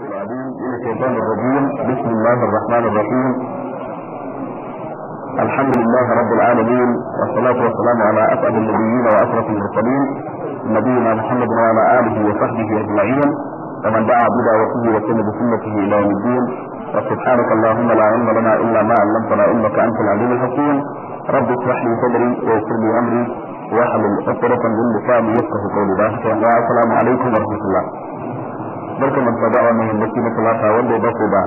الشيطان الرجيم بسم الله الرحمن الرحيم الحمد لله رب العالمين والصلاة والسلام على أسعد النبيين وأشرف المرسلين نبينا محمد وعلى آله وصحبه أجمعين ومن دعا بدعوته وسن بسنته إلى يوم الدين وسبحانك اللهم لا علم لنا إلا ما علمتنا إنك أنت العليم الحكيم رب اشرح لي صدري ويسر لي أمري واحلل عقدة من لساني يفقه قولي ذلك والسلام عليكم ورحمة الله barka mu da wannan yammaci na talata wanda ya bako ba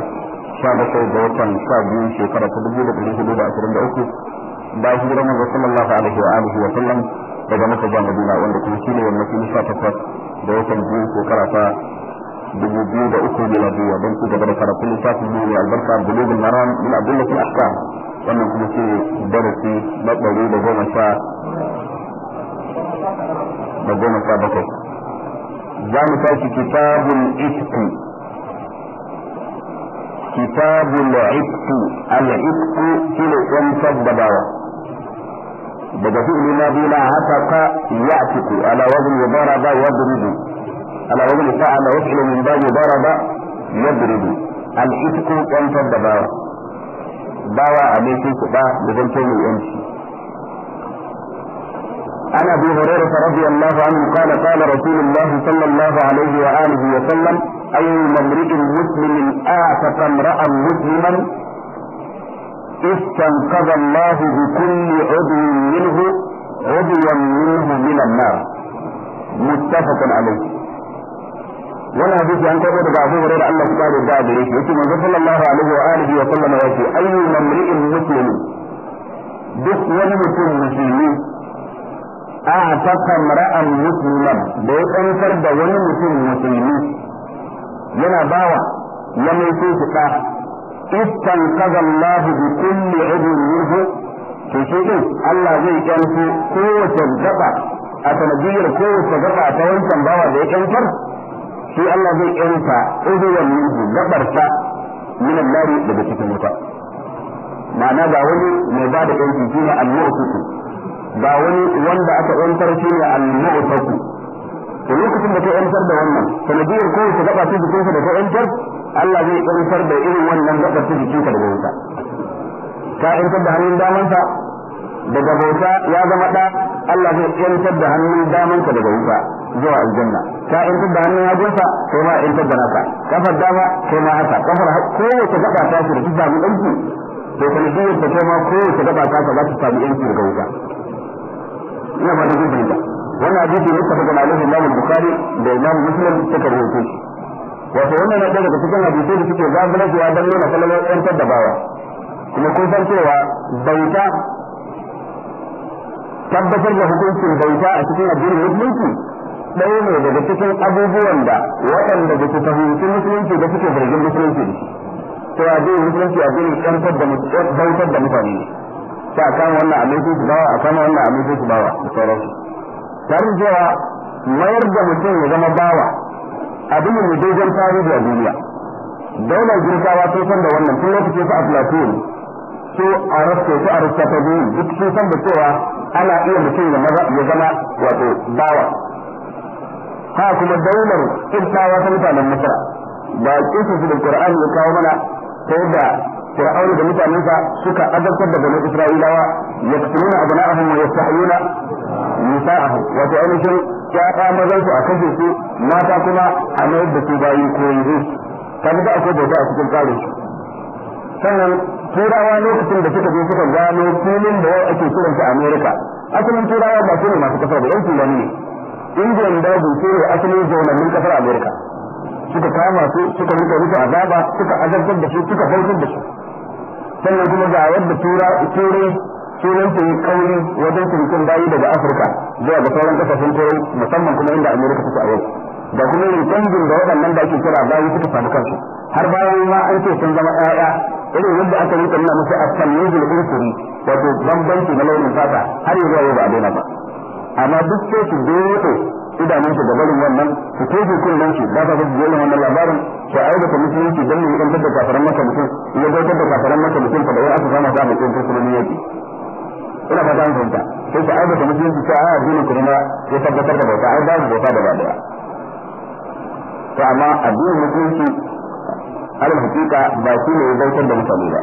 sha bakwai ga watan sha biyu shekara ta dubu da ɗari hudu da ashirin da uku ba shi gidan manzo sallallahu alaihi wa alihi wa sallam daga maka zuwa madina wanda kuma shi ne yammaci na sha takwas da watan biyu shekara ta dubu biyu da uku da miladiya don ci gaba da sha littafin ne mai albarka bin maram min abdullahi ahkam wannan kuma shi ne darasi na ɗari da goma sha da goma sha bakwai za mu tashi kitabul ifki kitabul ifki al-ifki shi ne kwantar da bawa daga fi'li na biyu na ya ya'tiku ala wazn yudaraba yadribu ala wazn fa'ala yaf'alu min ba yudaraba yadribu al-ifku kwantar da bawa bawa abin shi kuɗa da zan yanci عن ابي هريره رضي الله عنه قال قال رسول الله صلى الله عليه واله وسلم اي امرئ مسلم اعتق امرا مسلما استنقذ الله بكل عضو منه عضوا منه من النار متفق عليه wani hadisi an karɓo daga Abu Hurairah Allah ya kare da gare shi yace manzo sallallahu alaihi wa alihi wa sallam yace ayyu mamri'in muslimin duk wani mutum musulmi a fasan mara'an musulman da ya tsantar da wani mutum musulmi yana bawa ya mai su ɗa istan kaza Allah bi kulli ibn minhu to shi din Allah zai kyanto kowace gaba a sanadiyar kowace gaba ta wancan bawa da ya kyantar shi Allah zai kyanta ibn minhu gabarsa min Allah daga cikin wuta ma'ana ga wani mai ba da kyanci shine al ba wani wanda aka yantar shi ne al-mu'taku to lokacin da ka yantar da wannan sanadiyar ko ka gaba cikin jikinka da ka yantar Allah zai yantar da irin wannan gaba cikin kinka daga wuta ka yantar da hannun daman damansa daga bauta ya zama da Allah zai yantar da hannun daman damanka daga wuta zuwa aljanna ka yantar da hannun ka kai ma yantar da naka kafar dama kai ma haka kafar kowace gaba ta shi da ta samu ɗanki to sanadiyar ta kai ma kowace gaba ta ka za ta samu ɗanki daga wuta ina ba da kun fahimta wannan hadisi ne kafa da alaihi Imam Bukhari da Imam Muslim suka rawaito shi wato wannan na daga cikin hadisi da suke zagulacewa dan nuna kalmar yan da bawa kuma kun san cewa bauta tabbatar da hukuncin bauta a cikin addinin musulunci ɗaya ne daga cikin abubuwan da waɗanda da su fahimci musulunci da suke zargin musulunci da shi to a musulunci bautar da mutane ne sai a wannan abin su bawa a kama wannan abin su bawa da sauransu tare cewa mayar da mutum ya zama bawa abin da dogon tarihi a duniya daular girkawa sun san da wannan tun lokacin su a platon su a rasko su a rastafani duk sun san da cewa ana iya mutum ya zama wato bawa ha kuma daular kirkawa ta mutanen masar ba kisu su da qur'ani ya kawo mana ta yadda fir'auna da mutanen sa suka azabtar da bani isra'ilawa yaqtuluna abna'ahum wa yastahiyuna nisa'ahum wato ainihin ya'ya mazan su a kashe su mata kuma a mayar da su bayi ko yanzu kan ga akwai bauta a cikin tsarin sannan turawa lokacin da suka je suka gano filin da yau ake kiran ta america asalin turawa ba su ne masu kasar da yan filani ne indiyan dajin su ne asalin zaunannin kasar america suka kama su suka rike rufe azaba suka azabtar da su suka bautar da su sannan kuma ga yadda tura turai turan ta yi kauri wajen turikin bayi daga afirka zuwa ga sauran kasashen turai musamman kuma inda amurka take a yau da kuma irin canjin da waɗannan da ake kira bayi suka samu kansu har bayan ma an ce sun zama ƴaƴa irin yadda aka rika nuna musu a kan talyuzul insuri wato bambanci na launin fata har yanzu ba a daina ba amma duk sai su dole idanun su gabarin wannan su tofe kullun shi ba ta ga jiyar wannan labarin su ta musulunci don ne idan da kafaran masa mutum ya gautar da kafaran masa mutum fa da ya aka samu da mutum ko kuma yaki ina fata an fahimta sai su ta musulunci ta a addinin kuma ya tabbatar da bauta ai babu bauta da ba daya to amma addinin musulunci alal hakika ba shi ne ya gautar da mutane ba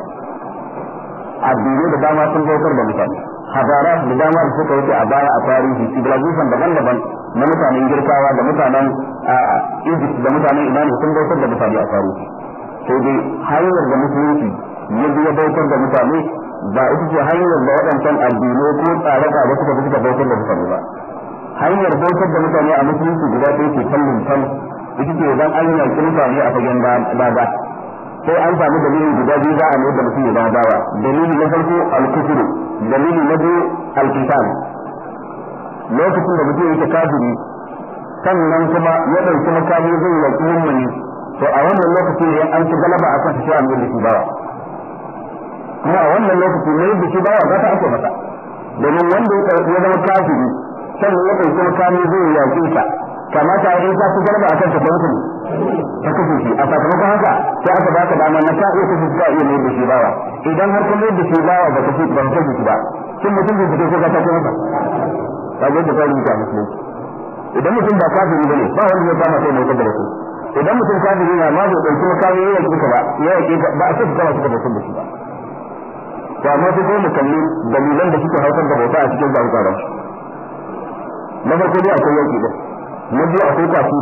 addinai da dama sun gautar da mutane hazara da dama da suka wuce a baya a tarihi civilization daban-daban na mutanen girkawa da mutanen egypt da mutanen iran sun bautar da mutane a tarihi sai dai hanyar da musulunci ya biya bautar da mutane ba ita ce hanyar da waɗancan addinai ko tsare-tsare suka fi suka bautar da mutane ba hanyar bautar da mutane a musulunci guda ɗaya ke kallon kan ita ce zan an yaƙi mutane a fagen daga sai an samu dalilin guda biyu za a mai da mutum ya dawa dalilin na farko alkufuru dalili na biyu alkitab lokacin da mutum yake kafiri sannan kuma ya ɗauki makami zai yaƙi mummuni to a wannan lokacin ne an ci galaba akan su a mai shi bawa kuma a wannan lokacin ne shi bawa za ta ake mata domin wanda ya zama kafiri sannan ya ɗauki makami zai yaƙi a kamata in ta ci galaba akan ta ta kashe shi a sakamakon haka sai aka ba ka dama na ta iya kashe iya mai shi bawa idan har kullum da ke bawa ba ka fi ban ka ba kin mutum da ke ko ka ta kuma ba zai da kai ta musulunci idan mutum ba kafiri bane ba wanda ya kama sai mai kaddara su idan mutum kafiri na ma bai dauki makami ya yake ka ba ya yake ka ba sai ka ka da shi ba to amma sai kuma kalli dalilan da suke haifar da bauta a cikin zalunta na farko dai akwai yaki din na biyu akwai kafi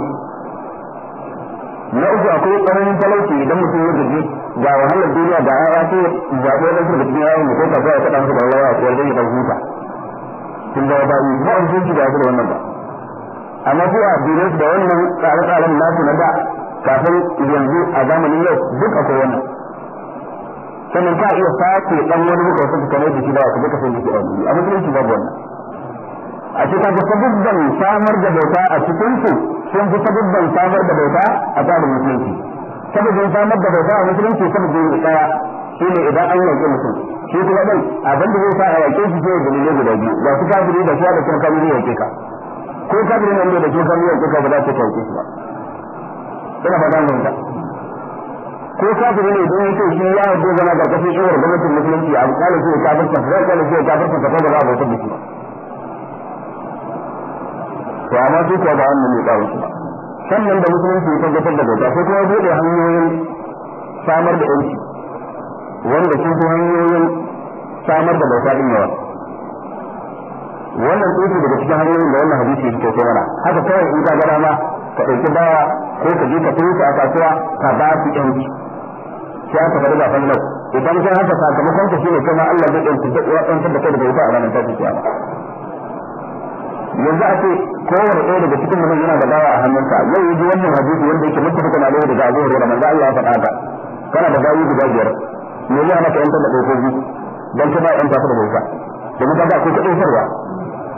na uku akwai ƙaramin talauci idan mutum ya gaji ga wahalar duniya da ya wato zaɓe da su da cikin yawon da ko kasuwa ya kaɗa musu ɓarwa a kowar zai ɗan huta tun da wata yi ba a sun ci da su da wannan ba amma su a addinai su da wannan tsare-tsaren nasu na da kafin yanzu a zamanin yau duk akwai wannan sannan ka iya sace ɗan wani muka wasu su kamar jiki ba su duka sun jiki a wani a musulunci babu wannan a cikin sabubban samar da bauta a cikinsu sun fi sabubban samar da bauta a tsarin musulunci saboda samar da bauta a musulunci saboda yin daya shi ne idan an yanke mutum shi kuma ɗin abin da zai sa a yake shi sai dalilai guda biyu ga su kafiri da shi da kuma kamiri yake ka ko kafiri nan ne da shi kamiri yake ka ba za ta yake shi ba ina faɗa mun ka ko kafiri ne don yake shi ya yi zama ga kafin shiwar gwamnatin musulunci a kalin sai kafirta sai shi sai kafirta ta kuma za a bautar da shi ba to amma su kuwa ba yi ne ƙarin ba sannan da musulunci ya tabbatar da bauta sai kuma buɗe hanyoyin samar da yanci wanda sun fi hanyoyin samar da bauta din yawa wannan tsoki daga cikin hanyoyin da wannan hadisi ya fito mana haka kawai in ka ma ka ɗauki bawa ko ka je ka tsoki a kasuwa ka ba su yanci sai aka faɗi ba fannin idan sun haka sakamakon ka ne kuma Allah zai ɗauki duk da kai daga wuta a ranar tafi kiyama yanzu a ce kowane ɗaya daga cikin mutum yana da gawa a hannunsa yau ji wannan hadisi wanda yake muttafaqun alaihi daga a Hurairah manzo Allah ya faɗa ka kana da gawi guda biyar me ya maka yanta da dokoki dan kuma yan tafi da doka domin kaga akwai kuɗin ba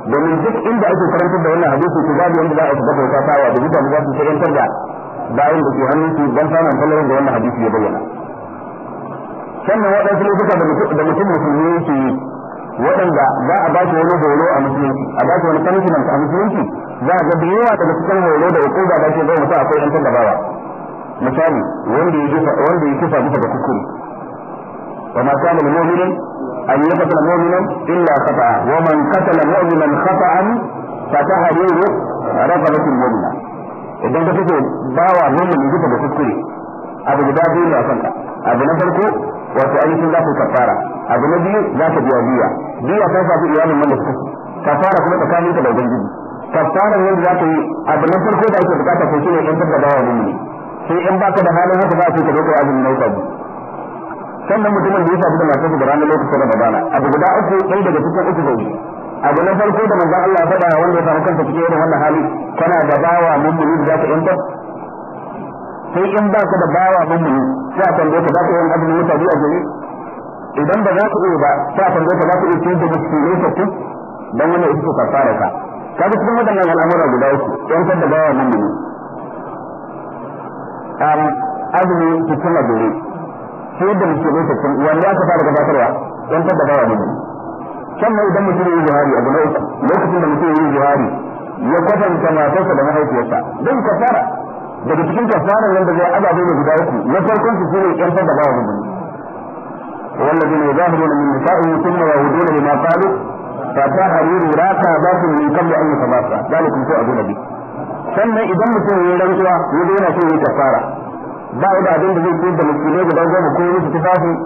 domin duk inda ake karantar da wannan hadisi ku babu wanda za a shiga ta tawa da mutane za su karantar da bayan da ke hannunsu dan samun kallon da wannan hadisi ya bayyana sannan waɗansu lokuta da mutum musulmi yake yi waɗanda za a ba su wani horo a musulunci a ba su wani punishment a musulunci za a ga da yawa daga cikin horo da hukuma da ke zai mutu akwai yan tallafawa misali wanda ya kusa wanda ya kisa bisa ga kukuri wa ma kana lil mu'minin an yaqtala mu'minan illa khata'a wa man qatala mu'minan khata'an fa tahriru rafa'atul mu'mina idan ka kace bawa mu'min bisa ga kukuri abu guda biyu ne a kanka abu na farko wato ainihin za ku kafara abu na biyu za ka biya biya biya ta shafi iyalin wanda suka fara kuma tsakanin ka da ubangiji fara yadda za ta yi abu na farko da ake bukata ko ne in da bawa mun sai in baka da halin haka za ka ka roƙo azumin nan ka sannan mutumin da ya shafi da masu da ranar lokacin bana abu guda uku ɗaya daga cikin uku da abu na farko da manzon Allah ya faɗa wanda ya samu kansa cikin irin wannan hali kana da bawa mummuni da ka yanta sai in baka da bawa mummuni sai a tambaye ka zaka yin azumi wata biyu a gari idan ba za ku iya ba sai a tambaye ka za ku iya ciyar da ne ka ci dan wannan isu ka fara ka kaga cikin waɗannan al'amura guda uku yantar da gawa nan ne um azumi cikin dole, ciyar da ne ka wani ya ka fara gabatarwa yantar da gawa nan ne can ne idan mutum yi jihari a na uku lokacin da mutum yi jihari ya kwatanta matarsa da mahaifiyarsa don kafara daga cikin fara nan da zai azabe ne guda uku na farkon su yan yantar da gawa nan ne والذين يظاهرون من نسائه ثم يهدون لما قالوا فتحرير راكا باس من قبل ان يتباكى ذلك سوء ابو نبي سنة اذا مسلم يلدن سوى يدون فيه كفارة بعد ابن ذي الدين بمسلمين بدون ذلك كل يوم تتفاهم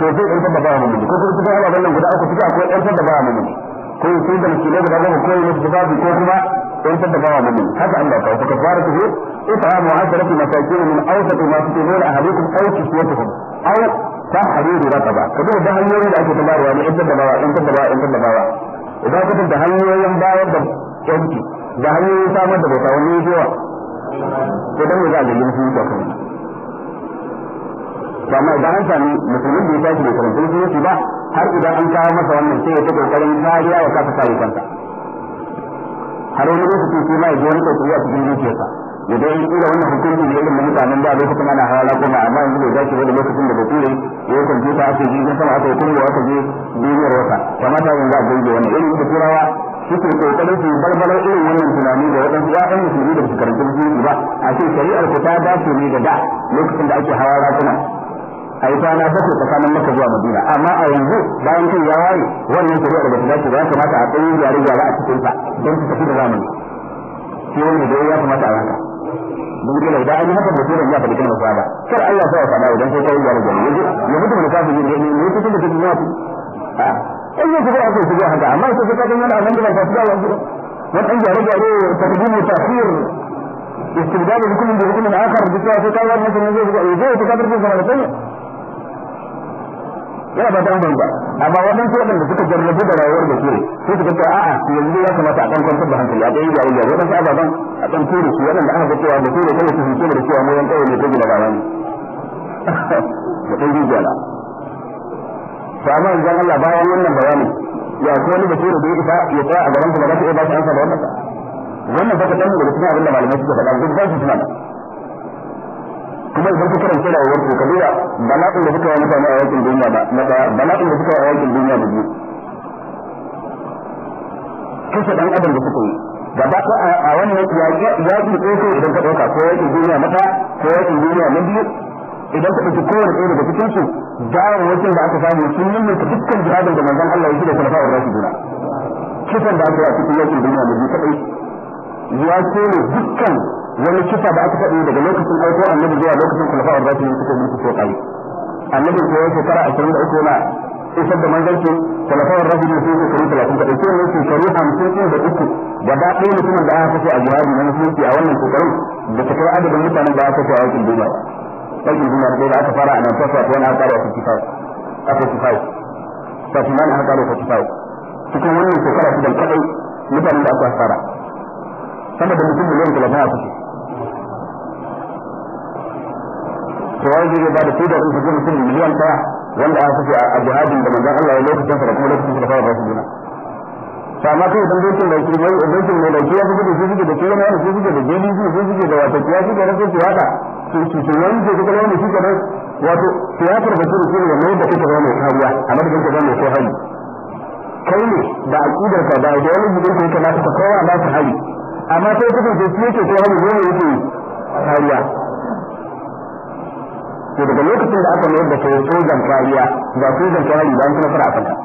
توفيق انت بباهم مني كل يوم تتفاهم ابن ذي الدين كل يوم انت بباهم مني كل يوم تتفاهم مسلمين بدون ذلك كل يوم تتفاهم كل يوم انت بباهم مني هذا عند الله فكفارة فيه اطعام عشرة مساكين من اوسط ما تطلون اهليكم او كسوتهم او tahrir raqaba kaga da hanyoyin da ake tabarwa ne in dabawa in dabawa in dabawa. idan ka da hanyoyin bayar da yanki da hanyoyin samar da bauta wani yawa to dan za a gani su da kai ba mai da hanta ne musulmin da ya tashi da karanta musulunci ba har idan an kawo masa wannan sai ya ta kokarin kariya wa kasa kare kanta har wani lokaci sai ma ya ji wani kokari a cikin zuciyarsa ya dai kila wannan hukunci ne irin mutanen da lokacin ana hawa kuma amma yanzu bai dace wani lokacin da bature ya kwamfuta ake ji na sama aka hukunci aka je duniyar wata kamata yanzu a gaige wani irin da turawa suke kokarin su balbalar irin wannan tunani da wadansu ƴaƴan musulmi da su karanta musulunci ba a ce shari'ar ku ta ne da da lokacin da ake hawa rakuna a yi kwana bakwai tsakanin maka zuwa madina amma a yanzu bayan kai ya waye wannan shari'ar da ta dace ba ya kamata a tsayin gyare-gyare a cikinsa don su tafi da zamani shi wani da ya kamata a mun ji da an haka mutum ya faɗi kalmar shahada kar Allah sai ya faɗa idan a kai ya rage ne ya mutum da kafin ne ne cikin da ah, cikin a in yake da aka shiga haka amma sai ka ga yana nan da fasiya yanzu wannan ya rage ne takdim wa ta'khir استبدال حكم بحكم اخر بسوى في قال مثلا يجوز يجوز تكبر في زمان yana ba ta an banza amma wannan su waɗanda suka jarrabu da rayuwar da su sai suka ce a'a yanzu ya kamata a kan kwantar da hankali a ɗaya yare yare waɗansu ababen a ɗan tura su waɗanda aka ga cewa bature kada su fahimce da cewa mu yan ƙauye ne ta gina gaba da ɗan rijiya na to amma in zan Allah bayan wannan bayani ya ko wani bature da ya ya tsaya a gaban ku ba za su iya ba shi ansa da wannan ba wannan baka ɗan daga cikin abin da malamai suka faɗa duk ba su tunana kuma idan ka karanta da wani ka duba bala'in da suka yi mutane a yankin duniya ba na ɗaya bala'in da suka yi a yankin duniya da biyu kashe ɗan adam da suka yi gaba ko a wannan yaƙi tsoko idan ka ɗauka ko yaƙin duniya mata ko yaƙin duniya na biyu idan ka ɗauki kowane ɗaya daga cikin su gawar wajen da aka samu sun yi mulki dukkan jihadin da manzon Allah ya shi da kulfa wa rashi duna kisan da aka yi a cikin yakin duniya na biyu kaɗai ya ce dukkan wani kisa da aka faɗi daga lokacin aiko annabi zuwa lokacin kulfa wa rashi suka mulki mutu sosai annabi ko ya shekara da 23 na isar da manzanci kulfa wa rashi ne sai shekaru 30 kaɗai sai ne shekaru 50 da uku gaba ɗaya mutumin da aka kashe a jihadi na musulunci a wannan kokarin da ta kai adadin mutanen da aka kashe a yakin duniya ba duniya da aka fara a nan tafiya ta wani aka fara a 55 sashi a na haka da kashi fawo cikin wannan shekara shidan kadai mutanen da aka fara sama da mutum miliyan talatin a kusa to wani zai ba da su da kusa mutum miliyan daya wanda aka fi a jihadin da manzan Allah ya lokacin sa da kuma lokacin sa da fara rasu to amma kai idan dokin mai dokin mai ya da kiyon wani suke da jdg suke da wata su su wani wani da wato siyasar da ne mai da kake zama mai kariya a madadin ka zama mai kai da aqidar ka da ideology din kai kana ta kowa ba ta ce shi yake ko kariya to daga lokacin da aka mayar da sojan kariya ba sojan kariya ba an kuma fara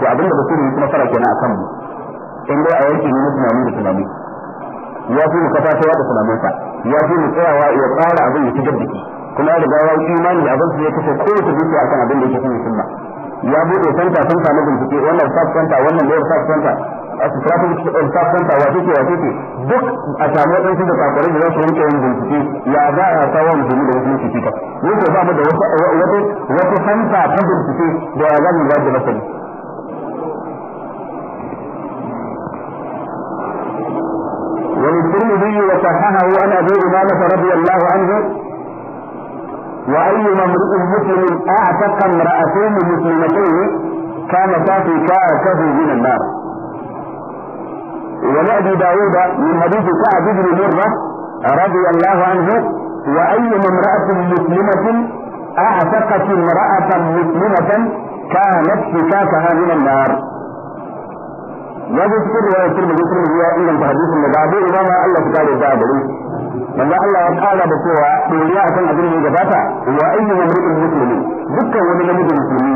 to abin da basiru ya kuma fara kenan akan mu in dai a yanki ne na tunani da tunani ya fi mu kafa ta yada tunaninsa ya fi mu tsayawa ya tsara abin ya fitar da kuma ya gawa ya yi imani da abin su ya ta kowace a akan abin da yake cikin sunna ya buɗe santa sun na bincike wannan sa santa wannan lower sa santa a strategic sa santa wa ce wa ce duk a samu wadansu da kakwarin da za su rinke yin bincike ya za a sawa musulmi da wasu bincike ba mu ko ba mu da wata wata santa ta bincike da ya za ba da masani أبي إمامة رضي الله عنه وأي امرئ مسلم أعتق امرأتين مسلمتين كان تاتي كأسه من النار ولأبي داود من حديث سعد بن مرة رضي الله عنه وأي امرأة مسلمة أعتقت امرأة مسلمة كانت فكاكها من النار ya zo cikin riwaya turmi da turmi ya inganta hadisin da ba zai imama manzo Allah ya kara da cewa doriya akan abin da ya gabata wa ayyu mamrikul muslimi dukkan wani namiji musulmi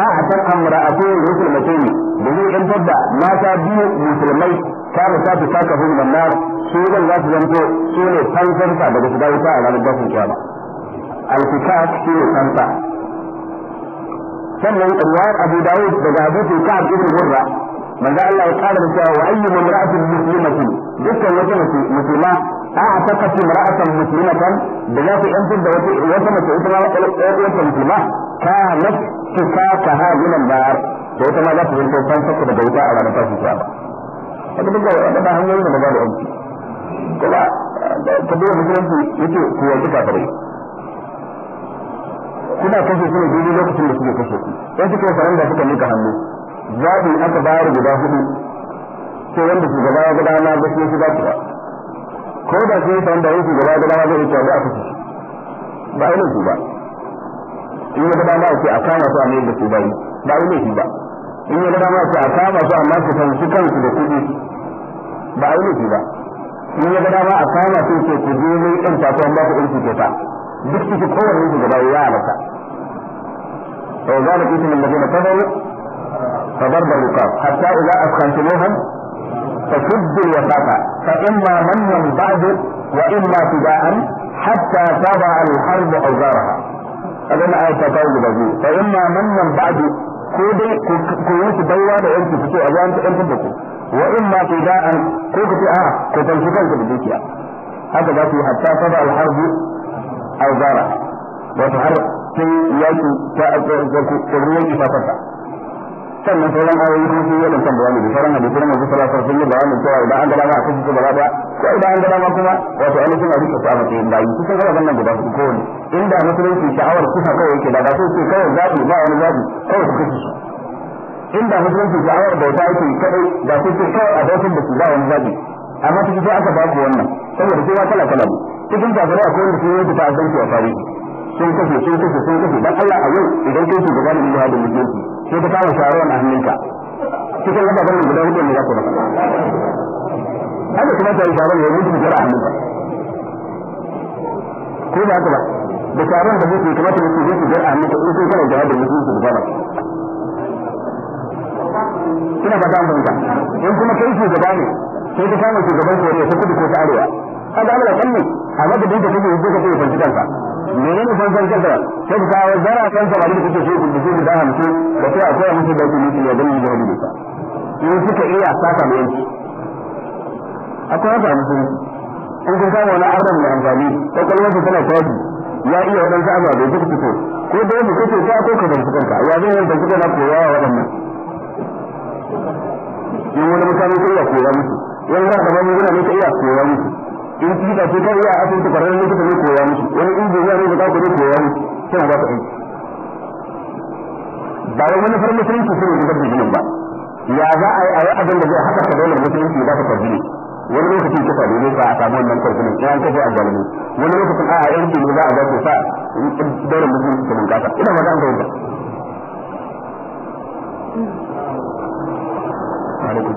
a akan amra'atu muslimatayni da zai yantar da mata biyu musulmai ta da ta fi saka hu min nar su zan za su zanto su ne fansarta daga shiga wuta a ranar gasin kiyama al-kitab shi ne fansa sannan riwayar Abu Dawud daga hadisi Ka'ab ibn Murra manzo Allah ya kara da cewa wa ayyu mamra'atin muslimatin dukkan wata musulma أعتقت امرأة مسلمة بذات أنفر دوتي وسمت إتما وقلت مسلمة كانت شكاكها من النار وإتما ذات بنت فانسك بدوتا على نفاس الشعب هذا بالله أنا ما هم يوم مجال أمتي كلا يتو كنا جيدي لو فكا ميكا هنو كبير مسلم يتي قوة كافرية kuna kashe su ne daidai lokacin da suke kashe su sai suka sanar da suka mika hannu zaɓi aka bayar guda hudu sai wanda shugaba ya ga dama ba sai shi جداه ko da sun san da yake gaba da dama zai tafi a ciki ba ai laifi ba in ya gaba ma ce a kama su a mai da su bai ba ai laifi ba in ya gaba ma ce a kama su amma su san su kansu da kudi ba ai laifi ba in ya gaba ma a kama su ce ku je ne ɗan kasuwan ba ku ɗan ta duk ciki kowanne su gaba ya halatta وذلك اسم الذين كفروا فضرب الرقاب حتى إذا أثخنتموهم تسد الوفاة فإما منا بعد وإما فداء حتى تضع الحرب أوزارها abin a ta kawo guda biyu fa ma mannan ba'du ko dai ku yi su baiwa da yanki fito a zuwa yankin da ku wa in ma ku da an ko ku ce a ku fanci kanku da dukiya haka za ku yi hatta saba alharbu auzara wato har sai yaki ta a tsoron ku tsoron yaki ta sannan sauran ayoyi kuma sun yi wadancan bayani da sauran hadisi na masu salafar sun yi bayanin cewa idan an gada ma a kashe su gaba daya ko idan an gada ma kuma wato ainihin a duka su a matsayin bayi su sun guda su kowane inda musulunci sha'awar kusa kawai yake da ba su ce kawai zaɓi ba wani zaɓi kawai su kashe su inda musulunci sha'awar bauta yake kadai ba su ce kawai a daukin da su ba wani zaɓi amma cikin sai aka ba wannan saboda kowa kala kala ne cikin kafirai a wanda sun yi ta ta'addanci a tarihi sun kashe sun kashe sun kashe dan Allah a yau idan kai shugaba ne da mutunci sai ka kama shawarwar a hannunka cikin gabatar guda hudu ne za ku masa haka kuma ta yi shawarwar ya mutu jira a hannunka ko ba haka ba da shawarwar da mutu kamata mutu zai su jira a hannunka in sun kana jawabin su gaba ina fata an fahimta in kuma kai shugaba ne sai ka kama shugaban koriya ta kudu ko ta arewa a ga amala kalli a madadin da kake yi zai ka ce ya fanci kansa menene fansan kanka sai ka kawo zarafan sa abin da kake so ku dubi da hamsin da sai akwai musu da ku musu ya gani da hadisi ka in suka iya saka mai yanki akwai haka musu in kun kawo wani ardan mai amfani kwakwalwar ta tana tashi ya iya waɗansu bai duk fito ko da yadda kake ta ko ka zanci kanka ya zai yin zanci kana koya wa waɗannan in wani mutane ka iya koya musu yanzu da magunguna ne ka iya koya musu in ci ka ce kawai a asibiti kwararren likita ne koya musu wani injiniya ne da za ku ne koya musu sai ba ku aiki ba wai manufar musulunci su ne zubar da ba ya za a yi a yi abin da zai haɓaka daular musulunci ba ta kwarjini wani lokacin kisa ne ne sa a samu wannan kwarjinin ne an kashe a galimi wani lokacin a a yanki ne za a gafe sa daular musulunci ta bunƙasa ina ba an fahimta. Alaikum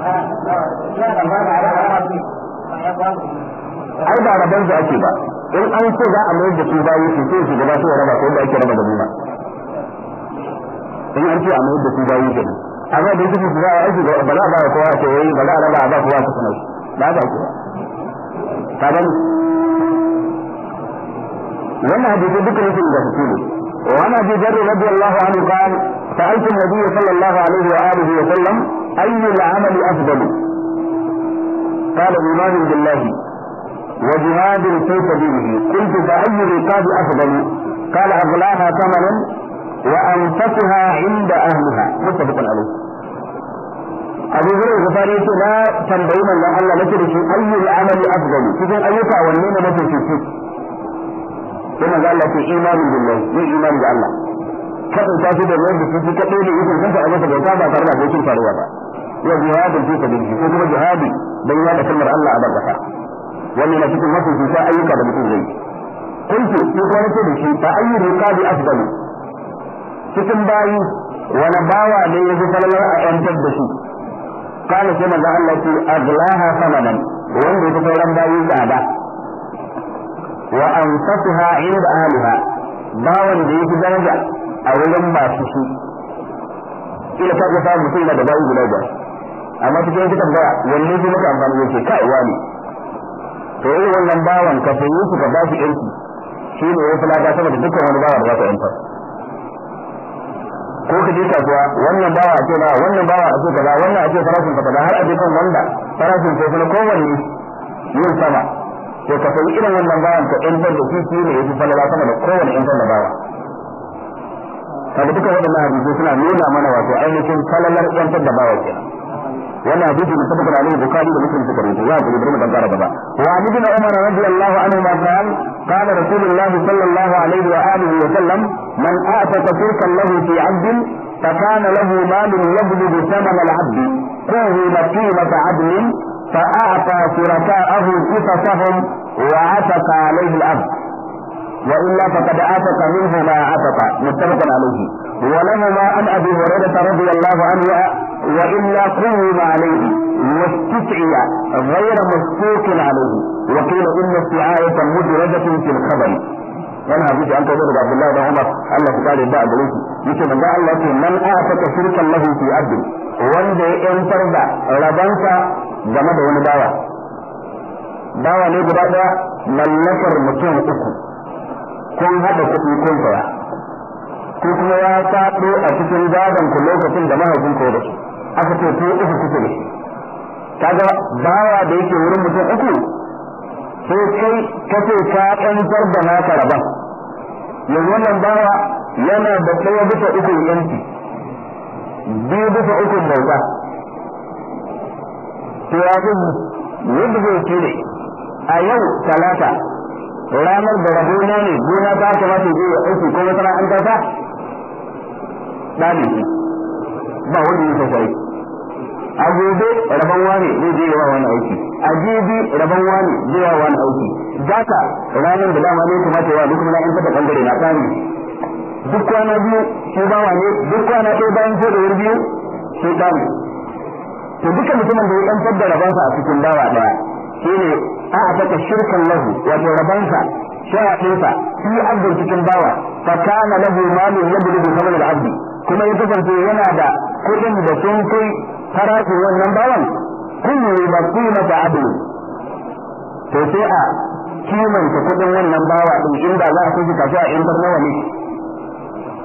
ai ba rabon su ake ba in an ce za a mayar da su bayi su ce su gaba su raba ko da ake raba da in an ce a mayar da su bayi kenan amma da yake za a aiki ba za a ba kowa ce yayi ba za a raba a ba kowa ta sanar ba ba ku ka wannan hadisi dukkan yake da su ne وعن ابي ذر رضي الله عنه قال سالت النبي صلى الله عليه wa sallam. أي العمل أفضل؟ قال إيمان بالله وجهاد في سبيله، قلت فأي الرقاب أفضل؟ قال أغلاها ثمنا وأنفسها عند أهلها، متفق عليه. أبو ذر الغفاري لا تنبئون الله ألا لتركوا أي العمل أفضل؟ تقول أي تعولون ما تشركوا؟ ثم قال لك إيمان بالله، إيه إيمان بالله. كم تاخذ الرد في كتابه يقول كيف أجلس الرقابة ترى ما تشركوا wa jihadin fi sabilihi ko kuma jihadi dan ya da kalmar Allah a barkata wannan na cikin mafi fita ayyuka da mutum zai kuntu sai kuma nace da shi fa ayyu riqabi afdalu cikin bayi wani bawa ne ya fi sallar a yantar da shi kana sai manzo Allah ce aglaha samadan wanda ya fi sauran bayi tsada wa anfasuha inda ahliha bawan da ya fi daraja a wurin masu shi ila ta ga samu da bayi guda biyar amma cikin wata tambaya wanne zai maka amfani zai ce kai wani to irin wannan bawan ka fa su ka ba shi yanki shi ne ya fula saboda dukkan wani bawa da za ka yanta ko ka je kasuwa wannan bawa a ce ba wannan bawa a ce ba wannan a ce farashin ka ba har a je kan wanda farashin ko kuma kowanne yin sama to ka sayi irin wannan bawan ka yantar da shi shi ne ya fi falala sama da kowanne yantar da bawa kaga dukkan waɗannan hadisi suna nuna mana wato ainihin falalar yantar da bawa kenan ولا بد من صبر عليه بكاري ومسلم صبر يا ابو بكر بن عمر وعن ابن عمر رضي الله عنهما قال قال رسول الله صلى الله عليه واله وسلم من اعطى تفرقا له في عبد فكان له مال يبلغ ثمن العبد كره مقيمة عدل فأعطى شركاءه قصصهم وعتق عليه الأرض وإلا فقد عتق منه ما عتق متفق عليه ولهما عن ابي هريره رضي الله عنه والا قوم عليه واستدعي غير مشكوك عليه وقيل ان السعايه مدرجه في الخبر wani hadisi an tabbata da Abdullahi da Umar Allah ya kare da a gare shi yace manzo Allah ce man afaka shirkan lahu fi abd wanda ya yantar da rabansa game da wani dawa dawa ne guda daya mallakar mutum uku kun hada kuɗi kun saya ko kuma ya faɗo a cikin gadon ku lokacin da mahaifin ko da shi aka ce ko uku kuke da shi kaga bawa da yake wurin mutum uku sai kai kace ka kantar da naka rabon yanzu wannan bawa yana da ɗaya bisa uku yanki biyu bisa uku bauta to ya fi yadda zai ne a yau talata ranar da rabona ne gona ta kamata ya je aiki ko masana'anta ta ɗalibi ba wanda ya san aiki a gobe rabon wani zai je yawa wani aiki a jibi rabon wani zai yawa wani aiki zaka ranar da dama ne kamata yawa duk na in fata bangare na tsari duk kwana biyu shi bawa ne duk kwana ɗaya bayan fodowar biyu shi ɗani to duka mutumin da ya ɗan fadda rabansa a cikin bawa ɗaya shi ne a a fata shirkan lahu wato rabansa sharaɗinsa fi abdul cikin bawa fa kana lahu malin yabdu kamar al-abdi kuma ya kasance yana da kuɗin da sun kai farashin wannan bawan kuma ba kima ta abu to sai a kimanta kuɗin wannan bawa din inda za a kashe kashi a inda nawa ne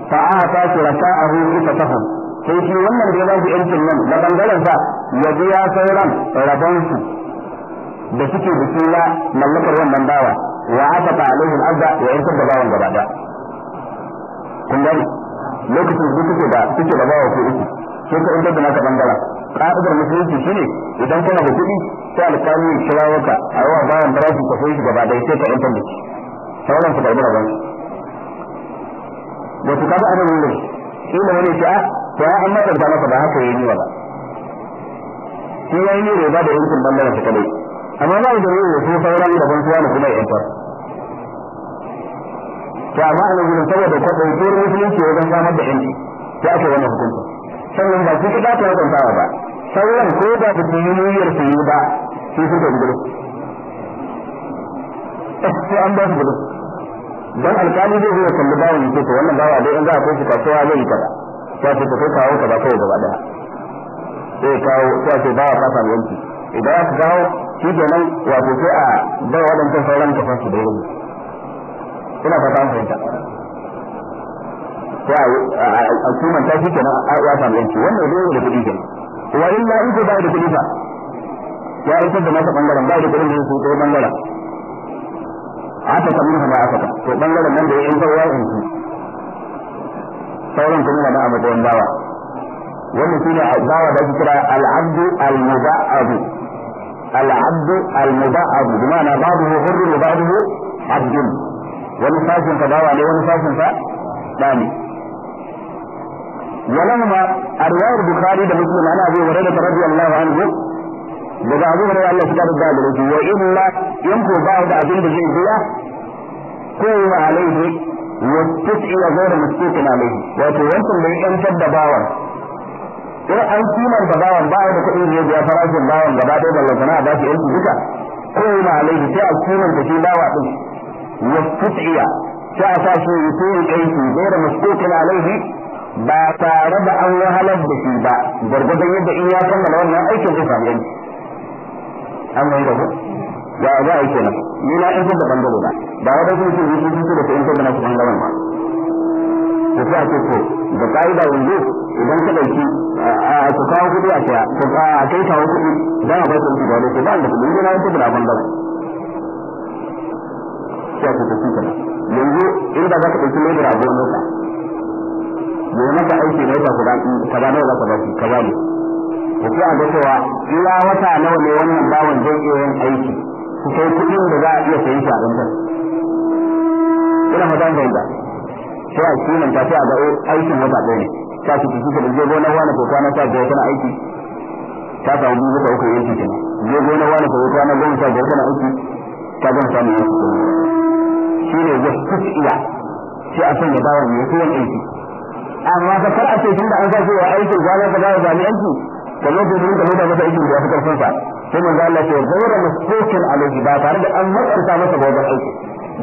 fa a ta shiraka a ruhu ta fahim sai shi wannan da ya ba shi yankin nan da bangaren sa ya biya sauran rabonsu da suke da ya mallakar wannan bawa wa aka fa alaihim azza wa yarkar da bawan gaba ɗaya kun gani lokacin da suke da suke da bawa ko uku sai ka inda da naka bangaren ka'idar musulunci shine idan kana da kuɗi sai alƙali ya kira maka a yawa bayan farashi ka sai shi gaba da sai ka inda da shi sauran su karɓi rabon shi wato kaga ana yin shi ne wani shi a ah, to ya an matsanta masa ba haka yayi ba shi yayi ne ba da yankin bangaren ta kadai amma ba da yayi su sauran da ban suwa na kuma yantar to amma ana gudun saboda kwaɗaukuwar musulunci wajen samar da yanci ya ake wannan hukunci sannan ba su kika ta hukuntawa ba sauran ko da su yi niyyar su yi ba su su ta gudu sai an ba su gudu don alƙali zai zuwa kan bawan yake to wannan bawa dai in za a kai shi kasuwa zai yi kaza ya ce ka kai kawo ka ba kawai gaba ɗaya sai kawo ya ce bawa ka samu yanki idan ya ka kawo shi kenan wato sai a bai waɗancan sauran su da yanki ina fata an fahimta ko a kuma ta shi kenan ya samu yanci wannan dole da kuɗi kenan wa illa in ko ba da kuɗi fa ya aikar da nasa bangaren ba da kuɗin da su ko bangaren aka kamin ba aka ta to bangaren nan da ya in sauwa in su sauran kuma na a matsayin bawa wannan a bawa da kira al-abdu al-muba'adu al-abdu al-muba'adu bi ma'ana babu hurru babu abdun wani sashin ka bawa ne wani sashin ka da ne ولما أرواح البخاري da مسلم عن أبي هريرة رضي الله عنه daga abu da Allah ta da da shi wa illa in ko ba da abin da zai biya ko wa alaihi wa tis'i wa ghayra mustaqim alaihi wato wancan da yan tadda bawan ko an kiman da bawan ba da kuɗin ne ya farashin bawan gaba da Allah sana ba shi yanki duka ko wa alaihi sai a kiman da shi bawa din a والتسعية شعفا شيء يكون أيدي غير مسبوق عليه ba tare da an wahalar da shi ba gwargwadon yadda in ya kammala wannan aikin zai samu yanki an wani gaba ya za a yi ni na yankin da bangare ba ba wa dai kuma yi su da ta yankin da nasu bangaren ba ko sa ce ko da ka'ida yanzu idan ka ɗauki ku kawo kuɗi a kaya ku kai kawo kuɗi don a ba su ba da ku ba da kuɗi na yankin sai ku tafi kana yanzu inda za ka ɗauki lebura a gonarsa mai masa aiki na wata ba nawa za ka ba shi kaza ne ko sai a ga cewa iya wata nawa ne wannan bawan zai iya yin aiki su kai kuɗin da za a iya sayi shi a ɗantar ina fata ga inda sai a ta sai a ga eh, aikin wata ɗaya ne ta ci ciki ka je gonar wani ko kwana ta ga kana aiki ta samu biyu ka uku yanki kenan je gonar wani ko kwana goma ta ga kana aiki ka zan samu yin su shi ne ya kuci iya sai a sanya bawan ya fi yin aiki amma fa kar a ce tun da an sa cewa aikin gwanar da bawa jami'anci ka zo ka rinka nuna masa aikin da ya fi karfin sa sai manzo Allah ya ce gaura masfokin alaihi ba tare da an matsanta masa ba wajen aiki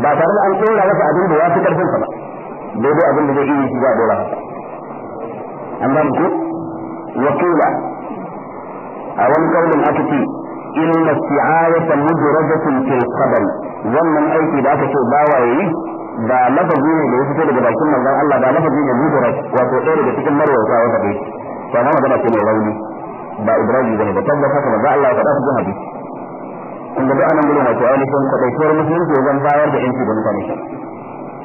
ba tare da an tsora masa abin da ya fi karfin sa ba daidai abin da zai iya shi za a dora masa an ba mu ko wakila a wani kaulin aka ce إن استعاية مدرجة في القبر wannan aiki da aka ce bawa yayi ba lafazi ne da ya fito daga bakin manzon Allah ba lafazi ne mudraj wato ɗaya daga cikin marwaya wanda bai to amma magana ce mai rauni ba ibrahim bane da tabbata haka manzon Allah ya faɗa hadisi inda da anan gurin wato ainihin kwadaituwar musulunci wajen bayar da inci da mutane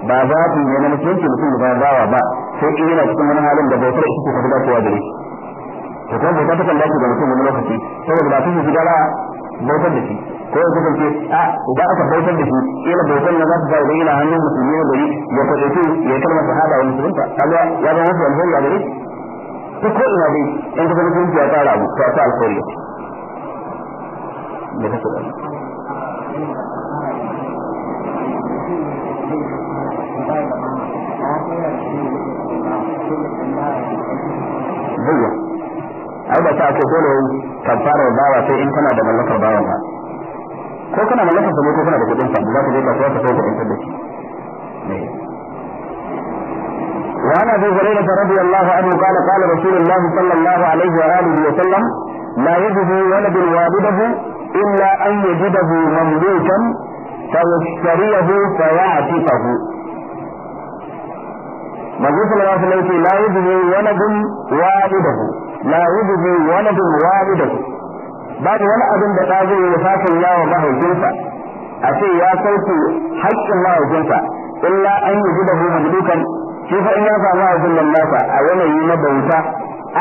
ba zaɓi ne na musulunci mutum da bawa ba sai in yana cikin wani halin da bautar ita ce ta dacewa da shi to kuma bauta ta dace da mutum wani lokaci saboda ba su shiga ba bautar da shi ko ya kasance a ba aka bautar da shi kila bautar na za su sa idan yana hannun musulmi na gari ya kwaɗaitu ya yi kalmar shahada musulunta kaga ya zama wasu a gari ta ko ina dai in ya tsara abu ta Thank you. ai ba ta ake dole da bawa sai in kana da mallakar bawa ba ko kana mallakar sa ko kana da kudin sa za ka je kasuwa ka sauka kudin da shi وعن ابي هريره رضي الله عنه قال قال رسول الله صلى الله عليه واله وسلم لا يجد ولد والده الا ان يجده مملوكا فيشتريه فيعتقه manzo sallallahu alaihi wasallam la yuzhi waladun walidahu la yujzi waladun wahidan babu wani abin da ta zai ya fasin yawa mahaifinsa a ce ya sauke haƙƙin mahaifinsa illa an yi zuba hu dukan shi fa in ya samu mahaifin nan nasa a yanayi na bauta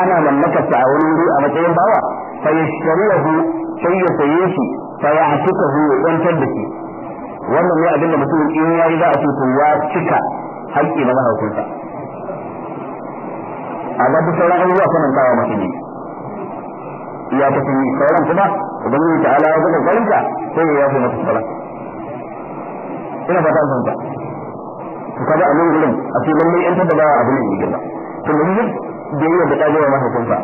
ana mallakarsa a wani wuri a matsayin bawa fa yashtariyahu sai ya saye shi fa ya cika hu ya kwantar da shi wannan ne abin da mutum in yayi za a ce to ya cika haƙƙi na mahaifinsa amma duk sauran abubuwa kawo masu ne iya ta sun yi sauran kuma ubangiji ta ala ya ga kokarinka sai ya yafi masa sauran ina fata an fahimta to kaga a nan gudun a filin mai yantar da bawa abu ne mai girma to mun yi da yi da ta gaba masa kunsa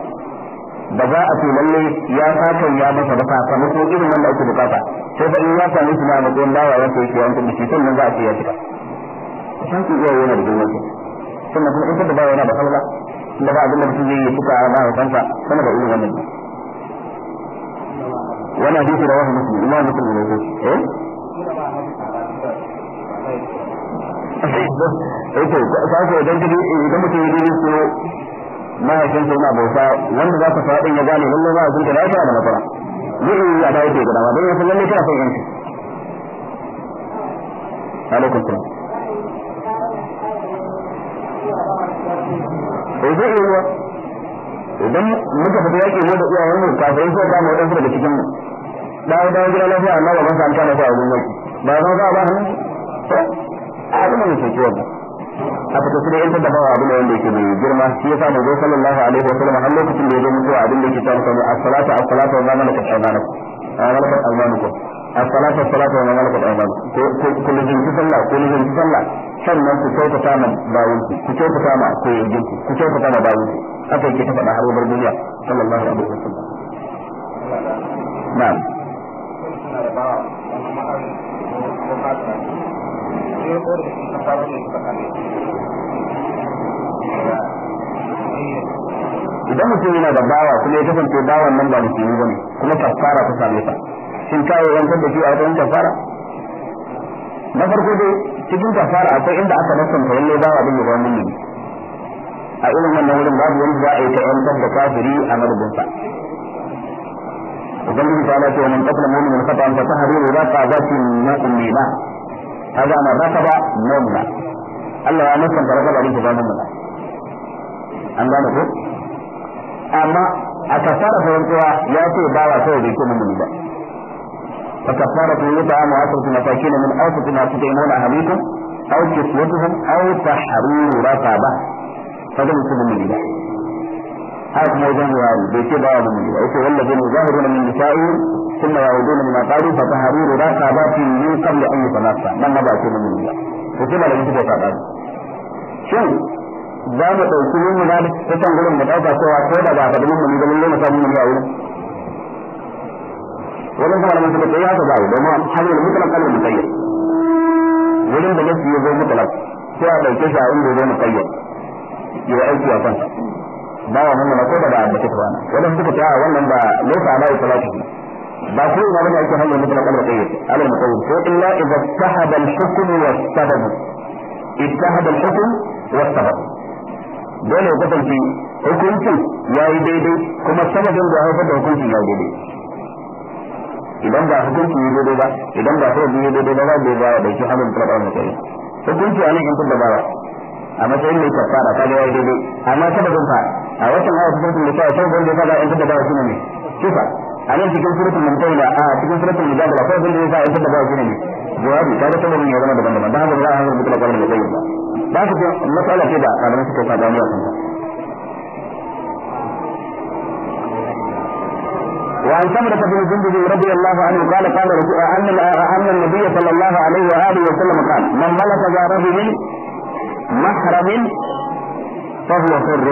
ba za a ce lalle ya fata ya masa ba ko irin wanda ake bukata sai fa in ya sami shi na matsayin bawa ya sai shi ya shi sannan za a ce ya shiga shan ku iya yana da duniya sannan kuma in ta da bawa yana da kalma da ba abin da mutum zai yi suka ba wa kansa sama da wannan wannan hadisi da wani musulmi ina musulmi ne ko eh yake eh, idan kudi idan mutum ya gudu mahaifin sai na bauta wanda za ka faɗin ya gane lalle za a jinka da ya da matsala zai iya ya dawo ke gudawa don ya san lallai kana son yanki alaikum salam bai zai iya idan muka fita yaƙi ne da iyayen mu kafin sai ka mu daga cikin mu dawo dawo a lafiya amma ba ban san kana ba wurin yaki ba zan za ba hannu a kuma ne ke wannan a fita sai yanka da bawa abin da wanda yake mai girma shi yasa mu zo sallallahu alaihi wa sallam har lokacin da ya zo mutuwa abin da yake ta mutum as-salatu as-salatu wa ma a aymanukum ah, malakat aymanukum as-salatu as-salatu wa ma malakat aymanukum ko ko ko ne sallah ko ne sallah sannan ku kyautata ma bayan ku ku kyautata ma koyayyun ku ku kyautata ma bayan ku haka yake ta faɗa har bar duniya sallallahu alaihi wasallam na'am idan mutum yana da bawa kuma ya kasance bawan nan ba musulmi ba ne kuma kafara ta same ta shin kawai yankan da shi a wajen kafara na farko dai cikin kafara akwai inda aka nasanta lalle ba abin da wani ne a irin wannan wurin babu wani za a yi ta yantar da kafiri a madadinsa ubangiji ta lafiya man kafin mu'minin khata fa tahriru raqabatin mu'mina hada ana raqaba mu'mina Allah ya nasanta raqaba din ba mu'mina an gane ko amma a kafara fa yantuwa ya ce ba wa sai bai ce mu'mini ba فكفارة يطعم عشرة مساكين من أوسط ما تطعمون أهليكم أو كسوتهم أو تحرير رقبة فده يكتب من الله هذا ما يجمع بكذا من الله والذين يظاهرون من نسائهم ثم يعودون لما قالوا فتحرير رقبة من قبل أن يتنفى من مضى يكتب من الله وكما لم يكتب هذا شو za mu ɗauki yin mu da ta can gurin mu ɗauka cewa ko da ba ka da mun mu ne ba mun ne mu samu mun ne a wurin wajen zama da mutum da ya ta zai domin hanyar mutlaq kan muqayyad wajen da nasi ya zo mutlaq sai a dauke shi a inda ya zo muqayyad ya aiki a kansa ba wa mun na ko da da take ba wajen suka ta wannan ba laysa ala salati ba ko ina bane ake hanyar mutlaq kan muqayyad ala muqayyad ko illa idza sahaba al-hukm wa sabab ittahada al-hukm wa sabab dole ya kasance hukuncin ya yi daidai kuma sababin da ya haifar da hukuncin ya yi daidai idan ba hukunci yi dodo ba idan ba hukunci yi dodo ba ba bai bawa da shi hannun tsara wani kai hukunci a nan in tun da bawa a matsayin mai kafara ta ga yayi daidai amma sababin fa a watan hawa hukuncin da ta sai wanda ya fada in tun da bawa shi ne kifa a nan cikin surutun mumtaila a cikin surutun mujadala ko wanda ya fada in tun da bawa shi ne jawabi kaga sababin ya zama daban-daban da haka ba a hankali mutum da kwanan da kai ba ba su ce matsala ce da a ranar suka fada wani a kanta وعن سمرة بن جندب رضي الله عنه قال قال أن النبي صلى الله عليه وآله وسلم قال من ملك ذا من محرم فهو حر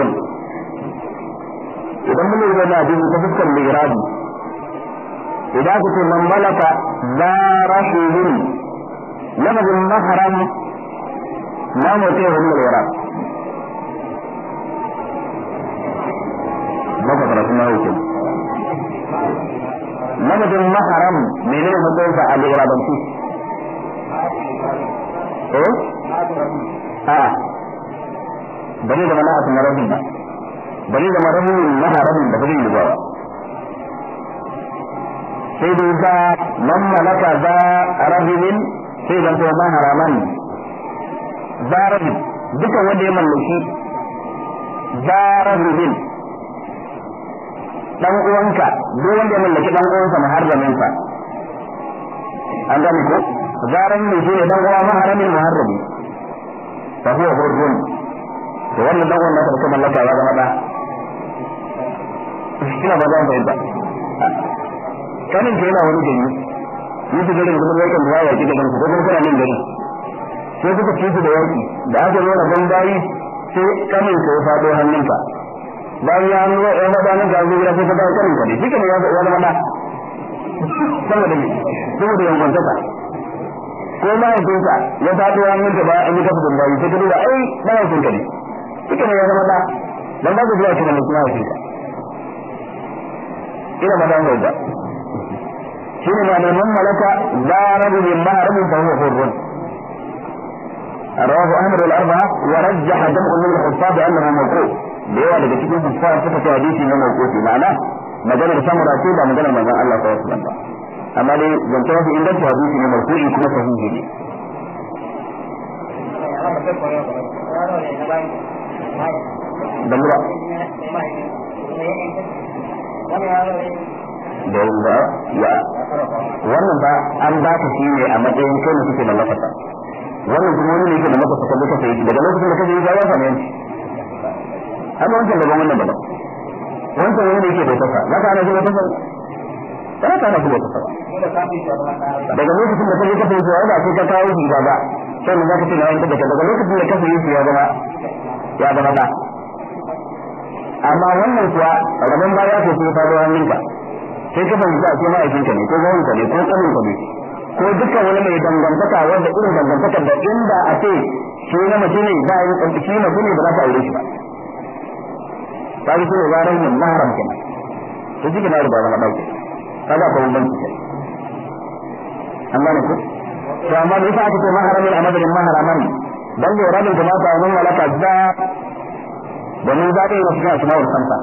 إذا من يقول هذا تفكر الإجراد إذا كنت من ملك ذا من لمد محرم لا موتيه من الإجراد ما فكرت ما يمكن namijin maharam mene ne matsayinsa a su eh a bane da mana na rabi ba bane da marabin maharam da zai yi ba sai dai za man malaka za rabin sai da kuma maharaman za rabin duka wanda ya mallaki za rabin dan uwanka duk wanda ya mallaki dan uwansa muharramin fa? an gane ko zaran ne shi ne dan uwa maharamin muharrami fa huwa hurrun to wannan dan uwan nasa da mallaka ya zama da ina ba zan fahimta kanin ke yana wani gari yusuf garin kuma zai kan zuwa ki garin ko kuma nan gari sai suka ci da yaki da aka zo ban bayi sai kanin ka ya faɗo hannunka bayan ruwa ya faɗa nan ga zo gida sai ka dawo karin ka ne shi kenan ya zama da saboda ne saboda yankwantaka ko mahaifinka ya faɗo hannunka bayan an yi kafa tambayi sai ka duba ai mahaifinka ne shi kenan ya zama da dan ba ku zuwa cikin mutum mahaifinka ina ba dan roba shi ne ma man malaka la rabu min maharamin fa huwa hurrun رواه أحمد الأربعة ورجح جمع من الحفاظ أنه موقوف da yawa daga cikin fuskar suka ce hadisi na mawqufi ma'ana maganar samura ce ba maganar manzon Allah ta wasu ba amma dai zance wasu inganta hadisi ne mawqufi kuma sahihi ne da mura da ba ya wannan ba an ba ta shi ne a matsayin kai ne suke da lafasa wannan kuma wani ne yake da lafasa kuma ta sai daga lokacin da kaje ya a samu ne. amma wancan daban wannan daban wancan wani ne yake bautar sa za ka ana shi bautar sa ba ka ana shi bautar daga lokacin da kaje kafin shi ba sai ka kawo shi ba ba sai mun zaka ce na wanda daga daga lokacin da kafin shi ya zama ya zama ba amma wannan kuwa rabon baya ko sai ka zo hannunka sai ka fahimta a ce ma'aikinka ne ko gwamnanka ne ko tsarinka ne ko dukkan wani mai dangantaka wanda irin dangantakar da inda a ce shi na mace ne za a yi tsarki shi mace ne ba za ta aure shi ba sai ga cewa zaran haram ke nan to shi na ba zama dauke kada ba kawai ban kike ne ku to amma ne yasa aka maharami amma a maharaman dan da rabin da mata wannan walaka da zabe zaɓe na suna wannan santa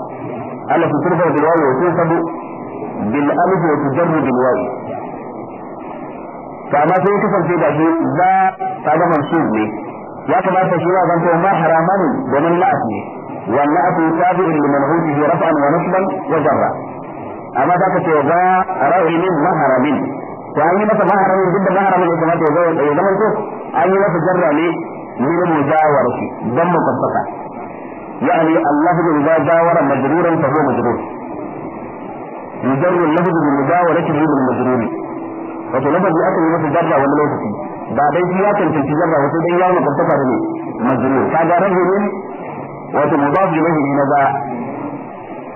Allah sun turba da wawi sun sabu bil alif wa tujarru bil wawi to amma sai kasance da shi za ta ga mansub ne ya kamata shi ma zanto maharaman domin mun ne والنعت تابع لمنهوجه رفعا ونصبا وجرا أما ذاك وجاء رجل ظهر منه وأن يمس ظهر من جد ظهر من إسمات وزوج أي زمن أن يمس جرا لي من المجاورة دم قبطة يعني الله إذا جاور مجرورا فهو مجرور يجر اللفظ بمجاورته بالمجرور wato lafazi aka yi masa jarra wani lokaci ba dai shi ya cancanci jarra wato dai ya wani kwantaka da ne majnun kaga rajulun wato mudaf ilaihi ne ba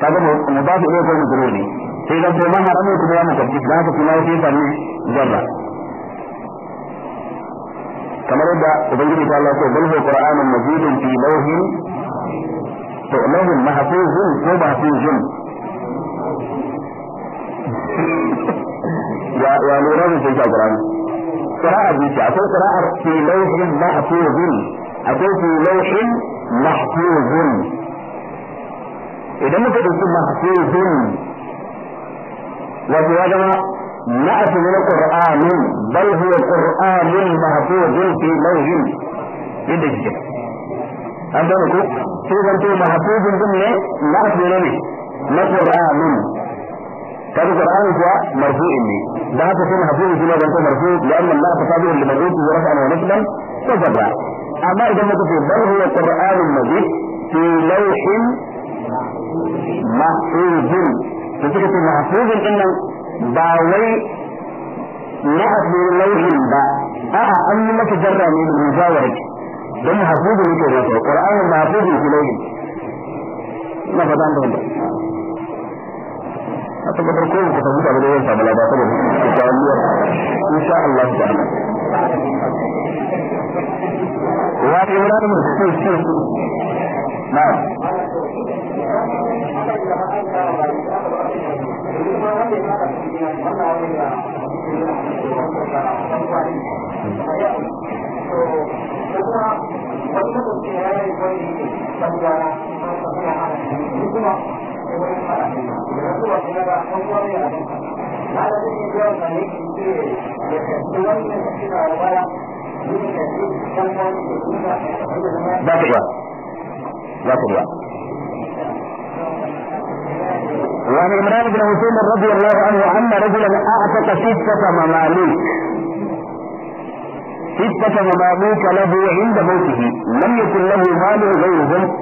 kaga mudaf ilaihi ko mudaf ne sai da to man haramu kuma ya mutabbi da haka kuma yake sami jarra kamar yadda ubangiji ta Allah ko bal huwa qur'anun majidun fi lawhin to lawhin mahfuzun ko mahfuzun ya ya lura da shi qur'ani qira'a bi akwai qira'ar fi lawhin mahfuzun akwai fi lawhin محفوظ اذا انت تقول محفوظ وفي هذا نأتي من القرآن بل هو القرآن محفوظ في لوح يدجي أنت نقول شوف أنت محفوظ ضمن نأتي من لوح ما القرآن كان القرآن هو مرفوع مني لا تكون محفوظ في لوح مرفوع لأن الله تفاضل لمرفوع ورفع ونفلا فقد أما إذا ما تقول بل هو القرآن المجيد في لوح محفوظ فكرة محفوظ إن باوي نحف من لوح با أها أني ما تجرى من المزاورك دم محفوظ لكي القرآن المحفوظ في لوح ما فتان تقول atau berkurung kita buka berdua sama lah bapak ini insya Allah insya Allah What unanimous decision? Now. Thank you. لا الوقت لا الوقت وعن عمران بن هشام رضي الله عنه ان رجلا اعتق ستة مماليك ستة مماليك له عند موته لم يكن له مال غيرهم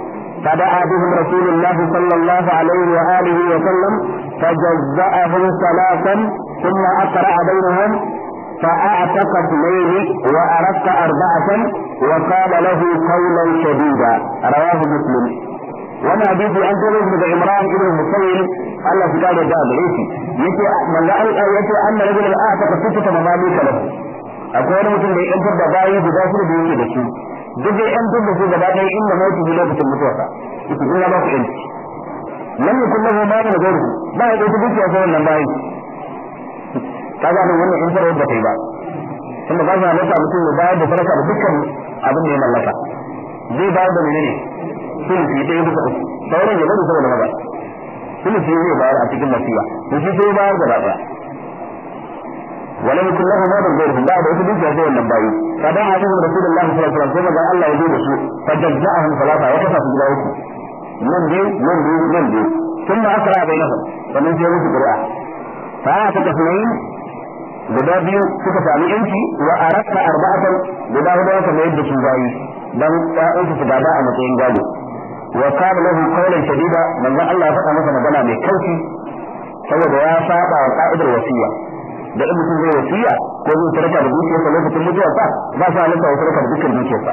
فدعا بهم رسول الله صلى الله عليه واله وسلم فجزأهم ثلاثا ثم اقرع بينهم a a فأعتق اثنين وأردت أربعة وقال له قولا a رواه مسلم wani hadisi an zo musu daga Imran ibn Husayn Allah ya kare da gare shi yace manzo ya ce anna rajul al-a'taqa sittata mamalika lahu akwai wani mutum da ya yantar da bayi guda shi da yake da shi duk da yantar da su gaba ɗaya inda mutu ne lokacin mutuwarsa yace in ya ba ku yanci lam yakun lahu malun ghayruhu ba ya dauki dukiya sai wannan bayi kaga wannan in fara ba ta yi ba kuma ba ya mutum ya bayar da sadaka da dukkan abin da ya mallaka zai bayar da menene ne ɗaya bisa uku sauran ya bari saboda maza bayar a cikin wasiya to shi sai bayar gaba ɗaya ولم يكن له da غيره لا ده يكون دوكيا زي wannan bayi fadan hadin da sallallahu alaihi wasallam sai magan Allah ya zo da su fadazza'ahum salata ya kafa su gida uku nan biyu nan biyu nan ثم أسرع بينهم فمن في يوم القرآن فأعطت guda biyu suka sami yanki wa rasa arba'atan guda hudu aka mayar da su bayi dan ƴaƴansu su gaba a matsayin gado wa kana lahu qawlan shadida manzon Allah ya faɗa masa magana mai kauci saboda ya saba wa ka'idar wasiya da in mutum zai wasiya ko zai tarka da dukiyarsa lokacin mutuwarsa ba sa halitta ya tarka da dukkan dukiyarsa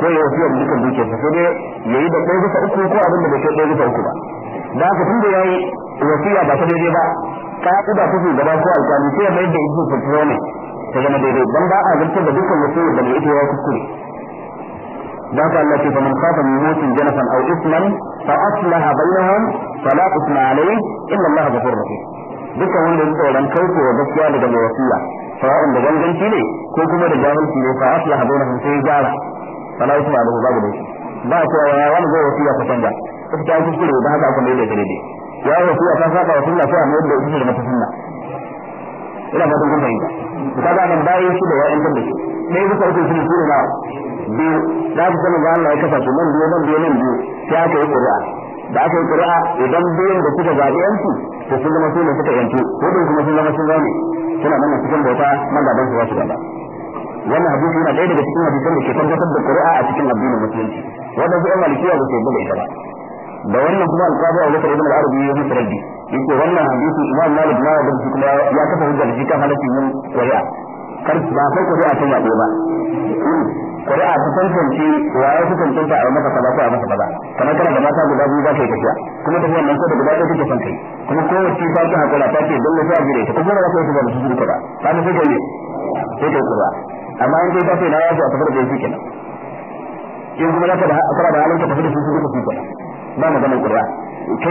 ko ya wasiya da dukkan dukiyarsa sai dai ya yi da ɗaya bisa uku ko abin da bai kai ɗaya bisa uku ba da haka tun da ya yi wasiya ba ta daidai ba ka'ida ta shugaba ko alƙali sai mai da ita fitro ne ta zama daidai dan ba a zartar da dukkan wasu da mai ita ya kuskure da ka Allah ce faman khafa min mutin janafan aw isman fa aslaha bainahum fala isma alayhi illa Allah ghafurur rahim dukkan wanda ya tsoron kauce wa gaskiya daga mai wasiya sawa'un da ganganci ne ko kuma da jahilci ne fa aslaha bainahum sai gyara fala isma alayhi babu da shi ba ko wani zai wasiya ka canza ita ta kuskure da haka aka ne da daidai ya wasu a kan saba wa sunna sai a mayar da ita da mata sunna ina fatan kun fahimta ka ga nan bayan shi da ya'yan da shi sai suka uku shi ne na biyu Za su sanin da Allah ya kafa su nan biyu nan biyu nan biyu sai aka yi ƙuri'a da aka yi ƙuri'a idan biyun da suka zaɓi yanci to sun zama su ne suka yanci ko kuma sun zama sun zame suna nan cikin bauta nan da ban su ba wasu gaba wannan hadisi yana ɗaya daga cikin hadisan da ke tabbatar da ƙuri'a a cikin addinin musulunci wanda su ɗan malikiya ba su yarda da ita ba da wannan kuma alƙabi a lokacin da al-arabi ya musu rabbi yake wannan hadisi imam malik na da shi kuma ya kafa hujja da shi kan halaccin yin ƙuri'a kar ba sai ƙuri'a ta yaɗe ba ƙuri'a ta tantance wa ya tantance a yi masa kaza ko a masa kaza kamar kana da mata guda biyu za ka yi tafiya kuma tafiya nan ko da guda ɗaya kake son kai kuma kowace ta ta hakura ta ce don na sa gure ta kuma za ka yi tafiya da su zuru ba ta ne sai ka yi sai ka yi ƙuri'a amma in kai ta ce na yaji a tafiya da su kenan in kuma za ka da halin ka tafi da su zuru ka kenan ba kai da ne su ba su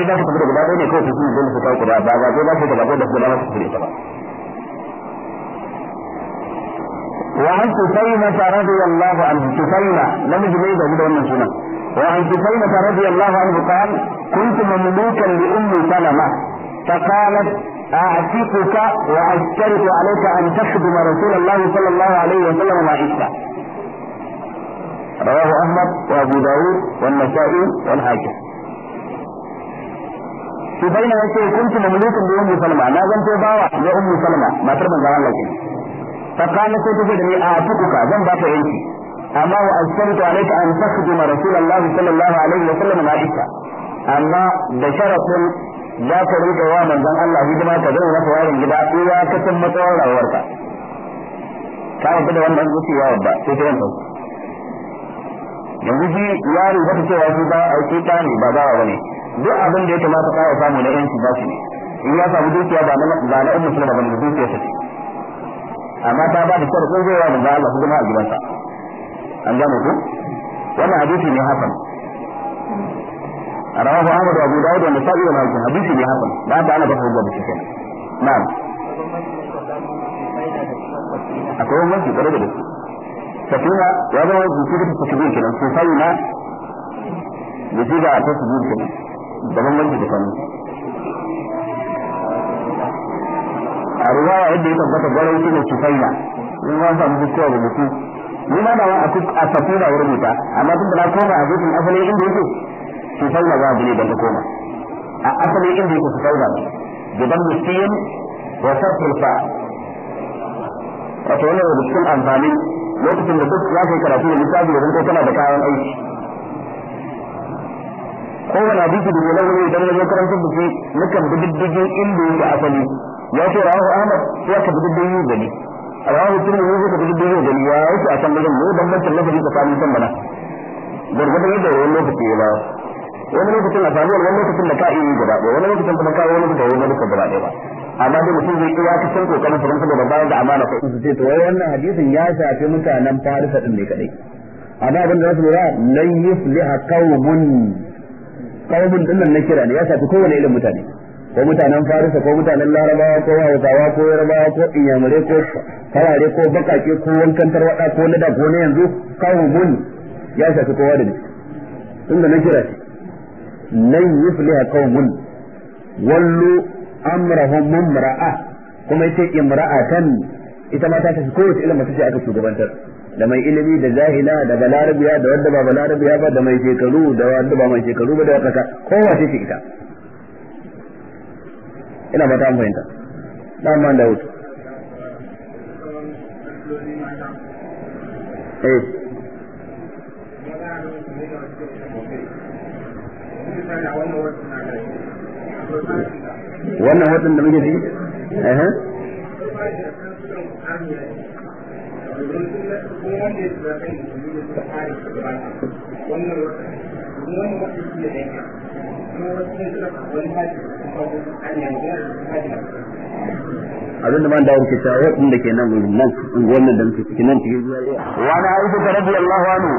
da su kure ta ba وعن سفينة رضي الله عنه سفينة لم يجب أن من سنة وعن سفينة رضي الله عنه قال كنت مملوكا لأم سلمة فقالت أعتقك وأشترط عليك أن تخدم رسول الله صلى الله عليه وسلم وعيسى رواه أحمد وأبو داود والنسائي والحاكم Ubayna yace kuntu mamlukin da Ummu Salma na zanto bawa da musalma Salma matar manzon Allah ke fakana sai tace da ni a tukuka zan ba ka yanki amma wa ashartu alayka an takhdima Rasulullah sallallahu alaihi wa sallam dika amma da sharafin za ka rika wa manzon Allah hidima ka zama masa warin gida ya ka san matsawar rayuwarka Ta yi da wannan ya babba sai ta yanka yanzu shi yaro zaka cewa shi ba a ba za ba ne duk abin da ya kamata ka ya samu na yanci ba shi ne in ya samu dukiya ba na ba na ummu sallama bane dukiya ta ce amma ta ba da sarƙo zai wa manzo Allah hidima a gidansa an gane ku wannan hadisi ne hasan رواه أحمد وأبو داود والنسائي والهيثم حديث ابن حسن لا أنت أنا بفهم بابا الشيخين نعم أقول لك بلا بلا سفينة وهذا هو يصيب في التسجيل كده سفينة يصيب على التسجيل كده da bambanci da kanu a riwaya yadda ya tabbata gwarai shi ne sufaila in ma samu kuskure rubutu ni ma da a safina wurin rubuta amma tun da na koma a jikin asalin inda yake sufaila za a bude da ta koma a asali inda yake sufaila ne gidan musulun wa sarfurfa wato wannan rubutun amfani lokacin da duk ya kai karatu da littafi da zanto kana da kayan aiki kowane hadisi da yana wani idan na karantar da shi nakan bi diddigin inda yake asali ya ce rahu ahmad ya ka bi diddigin gani rahu tun tirmidhi ya ka bi diddigin gani ya yake a san gurin mu dan bantar lafazi tsakanin san bana gargadan yadda wani lokaci ya lawa wani lokacin na sabuwar wani lokacin da ka iya gaba ɗaya wani lokacin kuma ka wani lokacin da wani gaba ɗaya ba amma dai mutum zai iya ka san kokarin sa saboda bayan da amana ko su ce to wai wannan hadisin ya shafi mutanen farisa din ne kadai amma abin da za su lura lan yuflihu qaumun qaumun dinnan na kira ne ya shafi kowane irin mutane ko mutanen farisa ko mutanen larabawa ko hausawa ko yarbawa ko inyamurai ko farare ko bakake ko wankan tarwada ko nada ko na yanzu qaumun ya shafi kowa da ne tunda na kira shi lan yufliha qaumun wallu amrahum mumra'a kuma yace imra'atan ita ma ta tafi kowace irin mace shi aka shugabantar da mai ilimi da jahila da balarabiya da wanda ba balarabiya ba da mai shekaru da wanda ba mai shekaru ba da kaka kowa ce ce ita ina fata an fahimta da man da wuce eh. wannan watan da muke ji eh abin da man da wuce ta wakil da ke nan wurin nan wannan da muke ciki nan cikin zuwa iya wani aisha ta rabbi allahu anu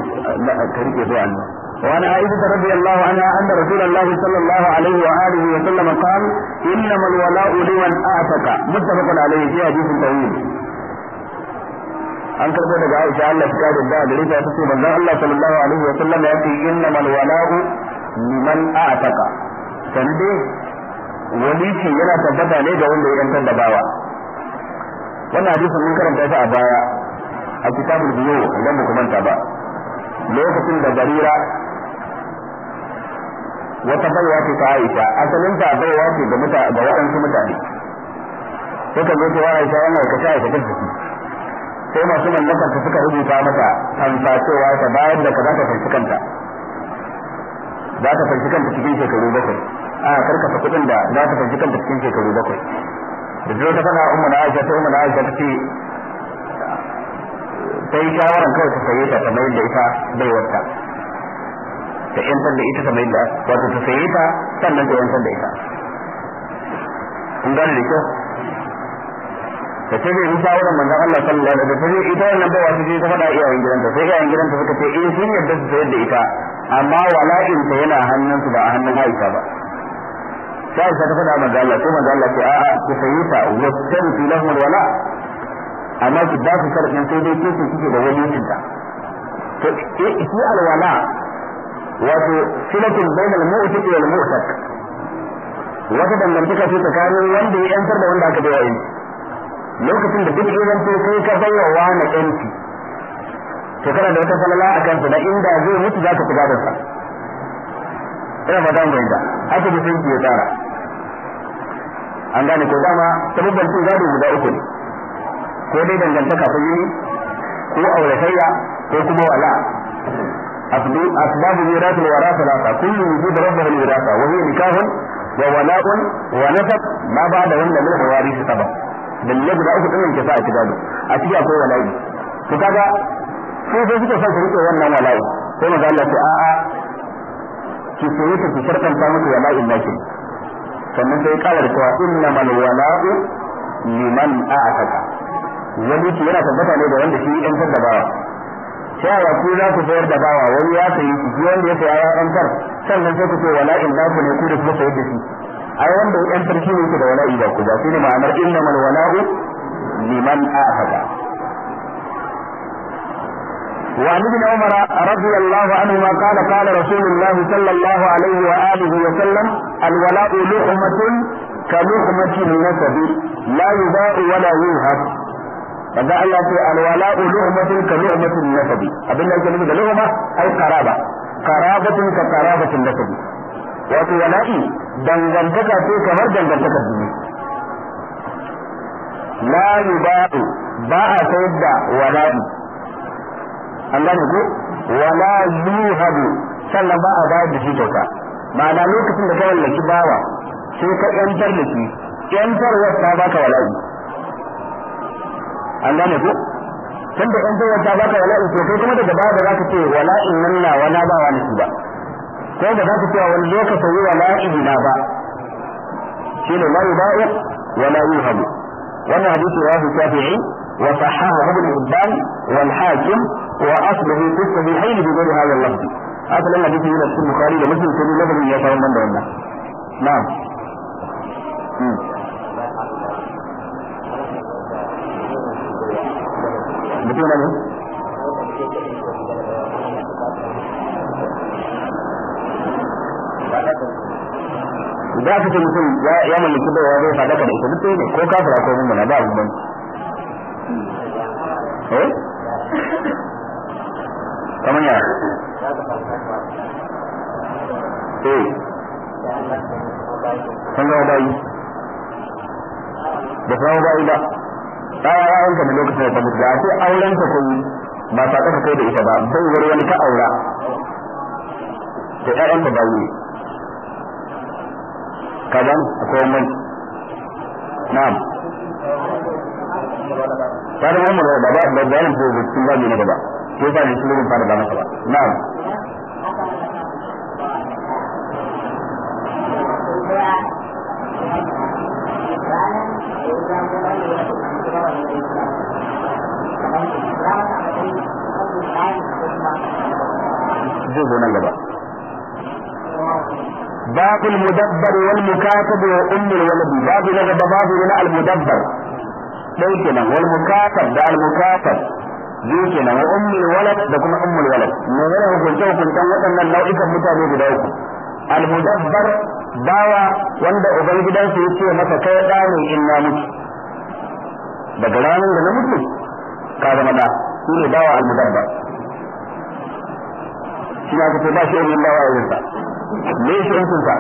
ka rike zuwa ne وعن عائشة رضي الله عنها أن رسول الله صلى الله عليه وآله وسلم an karbo daga Aisha Allah ta kare da gare ta tace manzon Allah sallallahu alaihi wa sallam ya ce innamal wala'u liman a'taka sande walici yana tabbata ne ga wanda ya yantar da bawa wannan hadisin mun karanta shi a baya a kitabul biyu idan ba manta ba lokacin da barira wata baiwa ce ta Aisha asalin ta baiwa ce ga waɗansu mutane sai ka zo ta Aisha yana aikata aikata jiki ko masu mallakar ta suka rubuta mata amsa cewa ta bayar da kaza ta fanci kanta za ta fanci kanta cikin shekaru bakwai a karkasa kuɗin da za ta fanci kanta cikin shekaru bakwai da zo ta faɗa umma na aisha ta umma na aisha ta ce ta yi shawaran kawai ta saye ta ta mayar da ita wata ta yantar da ita ta mayar da wato ta saye ta sannan ta yantar da ita kun gane da kyau da ta zai rusa wurin manzon Allah sallallahu alaihi wasallam ita wannan bawa ta je ta faɗa iyayen gidanta sai iyayen gidanta suka ce eh sun yarda su sayar da ita amma wala'in ta yana hannunsu ba a hannun Aisha ba sai ta faɗa manzon Allah sai manzon Allah ce a'a ku sayi ta wasan fi lahum wala amma ki ba su sharadin sai dai kike kike da wani ta to eh, shi alwala wato silatul bainal mu'tiq wal mu'taq wata dangantaka ce tsakanin wanda ya yantar da wanda aka bayar lokacin da duk idan to kai ka wa wani yanci to kana da wata salala a kansa da inda zai mutu za ka fi gadon sa ina ba dan bayyana haka da sun ya tsara an gane ko dama sababban sun gado guda uku ne ko dai dangantaka ta yi ko auratayya ko kuma wala أسباب ميراث الوراثة ثلاثة كل وجود ربه الوراثة وهي نكاح وولاء ونسب ما بعدهن من الوارث سبب dalilai guda uku ɗin ke sa a ci gado a ciki akwai wala'i su kaga sai sai suka son su rike wannan wala'i sai maza Allah ce a'a ki soye ta ki ya muku wala'in naki sannan sai kawar cewa innamal wala'u liman a'taka wani ki yana tabbata ne da wanda shi dan da bawa cewa ku za ku sayar da bawa wani ya sayi ki wanda ya a ya ɗan sannan sai ku ce wala'in naku ne ku da kuma sayar da shi ai wanda yan sarki ne ku da wala'i ba ku ba sai ne ma'anar inna mal wala'u liman ahada wa an ibn umar radiyallahu anhu ma qala qala rasulullah sallallahu alaihi wa alihi wa sallam al wala'u luhmatun ka luhmatin nasabi la yuba'u wa la yuhab kaga Allah sai al wala'u luhmatun ka luhmatin nasabi abin da yake nufi da luhma ai karaba karabatin ka karabatin nasabi wato wala'i dangantaka ce kamar dangantaka jini la yuba'u ba a sayar da wala'i Allah ko wala yuhadu sannan ba a bayar da shi kyauta ma'ana lokacin da ka wallaki bawa sai ka yantar da shi yantarwar ta baka wala'i Allah gane ko tun da yantarwar ta baka wala'i to kai kuma daga baya ba za ka ce wala'in nan na wala ba wani shi ba ko ba za ku cewa wani zo ka sauyi wa la'ina ba shi ne la yudai wa la yuhabu wannan hadisi ya fi shafi'i wa sahahahu ibn hibban wal hakim wa asluhu fi sahihayn bi ghairi hadha al-lafz asalin hadisi yana cikin bukhari da muslim sai lafazin ya samu banda wannan na'am mutum ne sadaka da aka ce mutum ya mallaki baiwa zai sadaka da ita duk ne ko kafira ko mummuna ba abin bane eh kamar ya eh kun ga bayi da kuma bai ba Ta ya yanka da lokacin da ta mutu da ake auren ta kun ba ta kai da ita ba bai wani wani ka aura da ƴaƴan ta bayi ka gane akwai wani na'am ta da da na gaba ko ba ne nan باب المدبر والمكاتب وام الولد باب نجب باب من المدبر ليكنا والمكاتب ده المكاتب ليكنا وام الولد ده كما ام الولد من غير hukunce hukuncen waɗannan nau'ikan mutane guda uku almudabbar bawa wanda ubangidansa ya ce masa kai ɗa ne mutu daga ranar da na mutu ka zama ɗa shi ne bawa almudabbar shi na ka ce ba shi yin bawa yanzu me shi rancin sa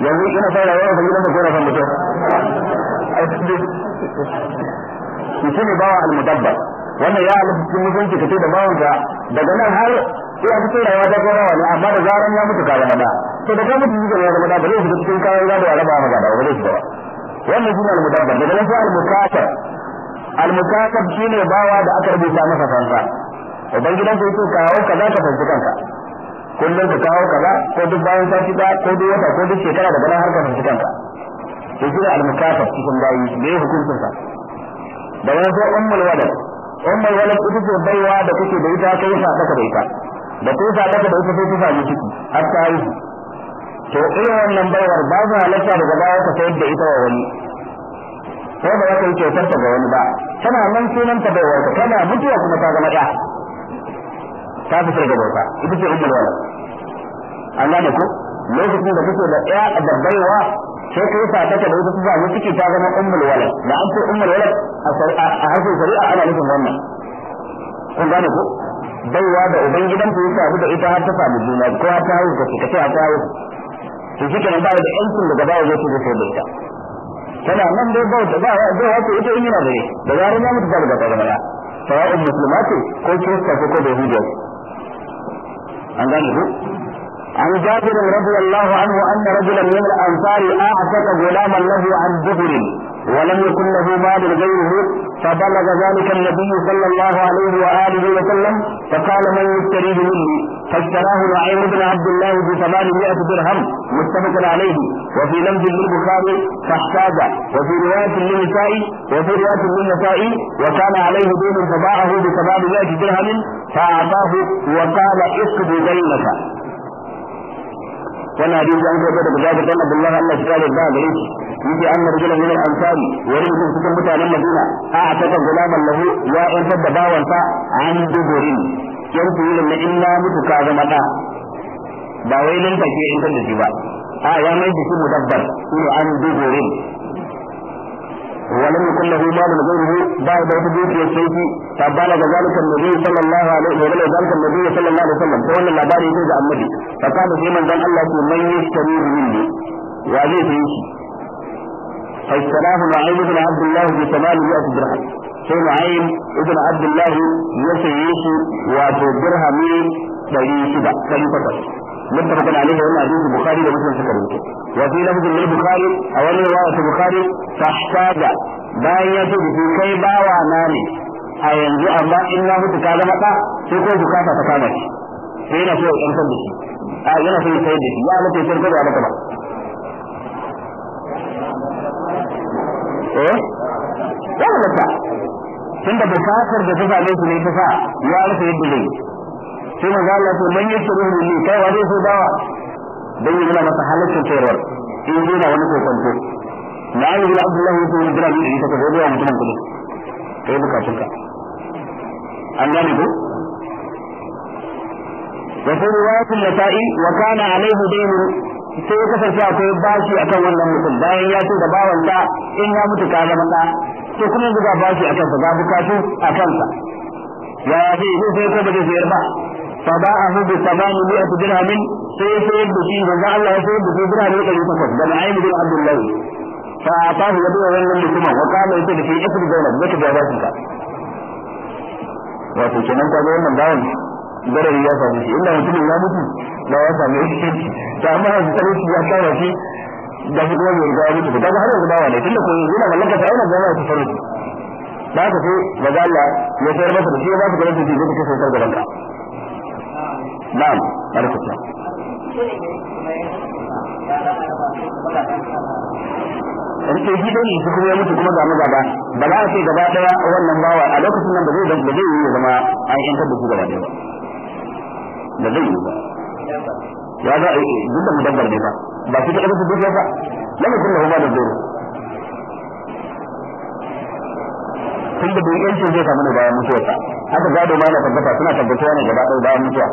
yanzu ina fara yawan fahimta da kora san mutum shi ne bawa al wannan ya halatta cikin mutunci kace da bawan ka daga nan har iya cikin rayuwa ta korawa ne amma da zaran ya mutu ka zama da to da ka mutu shi ya zama da ba zai shiga cikin kayan gado a raba maka da ba zai shiga ba wannan shi ne al-mudabbar daga nan sai al-mukatab al-mukatab bawa da aka rubuta masa fansa ubangidansa yake kawo ka za ka fanci kanka kullum ka kawo kaza ko duk bayan sati ba ko duk wata ko duk shekara da nan har ka kanka to shi ne almukafa cikin bayi me hukuncin sa da ya sai ummul walad ummul walad ita ce baiwa da kuke da ita kai sa daka da ita da kai sa daka da ita sai ku sami ciki har ta yi to irin wannan baiwar ba za halatta daga baya ka sayar da ita wa wani ko ba za ka yi kyautar ta ga wani ba tana nan sunanta baiwar ka kana mutuwa kuma ta zama ɗaya ta fi da bauta ita ce ummul walad an gane ko lokacin da kake da ɗaya a dabbaiwa sai kai sa ta da ita su zama ciki ta zama ummul walad da an ce ummul walad a harshen shari'a ana nufin wannan kun gane ko baiwa da ubangidanta ya shafi da ita har ta samu juna ko ta haihu ka ce ka ta haihu to shi kenan ba da yancin daga baya zai zo sai da ita tana nan dai ba da ba zai wato ita in yana da da zarar ya mutu ta daga ta zama ya sawa'un musulma ce ko kirista ko ko da hujjar عن ذلك عن جابر رضي الله عنه أن رجلا من الأنصار أعتق غلاما له عن جبل ولم يكن له مال غيره فبلغ ذلك النبي صلى الله عليه واله وسلم فقال من يشتريه مني فاشتراه نعيم بن عبد الله بثمانمائة درهم متفق عليه وفي لمز للبخاري فاحتاج وفي رواية للنسائي وفي رواية للنسائي وكان عليه دين فباعه بثمانمائة درهم فأعطاه وقال اسقط دينك wannan hadisi an kai عبد الله bin Abdullah الله ya kare da gare yake an rajulan min al-ansari wani mutum cikin mutanen Madina a ataka gulaman lahu ya irfa da bawansa an duburin yan tuyin na illa mutu ka zama da ba wai nan take in da shi ba a ya mai da shi mudabbar shine an duburin ولم يكن له مال غيره بعد وجود الشيخ فبال ذلك النبي صلى الله عليه وسلم ذلك النبي صلى الله عليه وسلم فوالله لا باري يجوز عن النبي فقال في من الله من يشتري مني وعليه فاشتراه معين بن عبد الله بثمان مئة درهم sai معين ابن عبد الله يسوي shi wato dirhami ɗari shida ɗari takwas متفق عليه وان حديث البخاري ومسلم في كلمته وفي لفظ للبخاري او روايه البخاري فاحتاج bayan ya ce biki kai bawa na ne a yanzu amma in na mutu ka zama ɗa sai ko bukata ta kama shi sai yana so ya ƙarfar da a yana so ya sayar da shi ya halatta ya eh ya halatta tun da bukatar da ta same su ne ta sa ya rufe yadda zai sai manzo Allah ce man yashru li kai wa zai dawa dan yi masa halaccin sayarwar in wani kokonto na yi da Abdullahi ya yi jira ne ta gode wa mutumin kudi kai bukatun ka an gane ko وفي رواية النسائي وكان عليه دين sai ya kasance akwai bashi akan wannan mutum bayan ya ce da bawan da in ya mutu ka zama da to kuma yanzu ga bashi akan sa ga bukatu akan sa ya ya ce zai sai ko ba zai sayar ba fa ba a hudu sabani bi a min sai ya sayar da shi manzo Allah ya sayar da shi dirhamin 800 da Nu'aym bin Abdullah fa atahu ya biya wannan mutumin wa kana yace da shi zaunar zai zaka ga bashin ka wato kenan ka ga wannan bawan garari ya faru shi inda mutumin ya mutu da ya samu iskanci to amma ya kama shi da shi kuma mai rigawa mutu kaga har yanzu bawa ne tunda ko yanzu na mallaka ta aina zama ta sarrafa da haka sai maza Allah ya sayar masa da shi ya ba su garanti na'am barkata rike shi dai kuma ya mutu kuma ga maza ba ba za a ce gaba wannan bawa a lokacin nan da zai da yi zama an yantar da shi gaba daya ba da zai yi ba ya za a yi duk da mudabbar ne ba ba su taɓa ƙarfi su duka ba lamu kuma huma da zoro tun da yancin zai samu da bayan mutuwarsa haka gado ma na tabbata suna tabbatuwa ne gaba ɗaya bayan mutuwa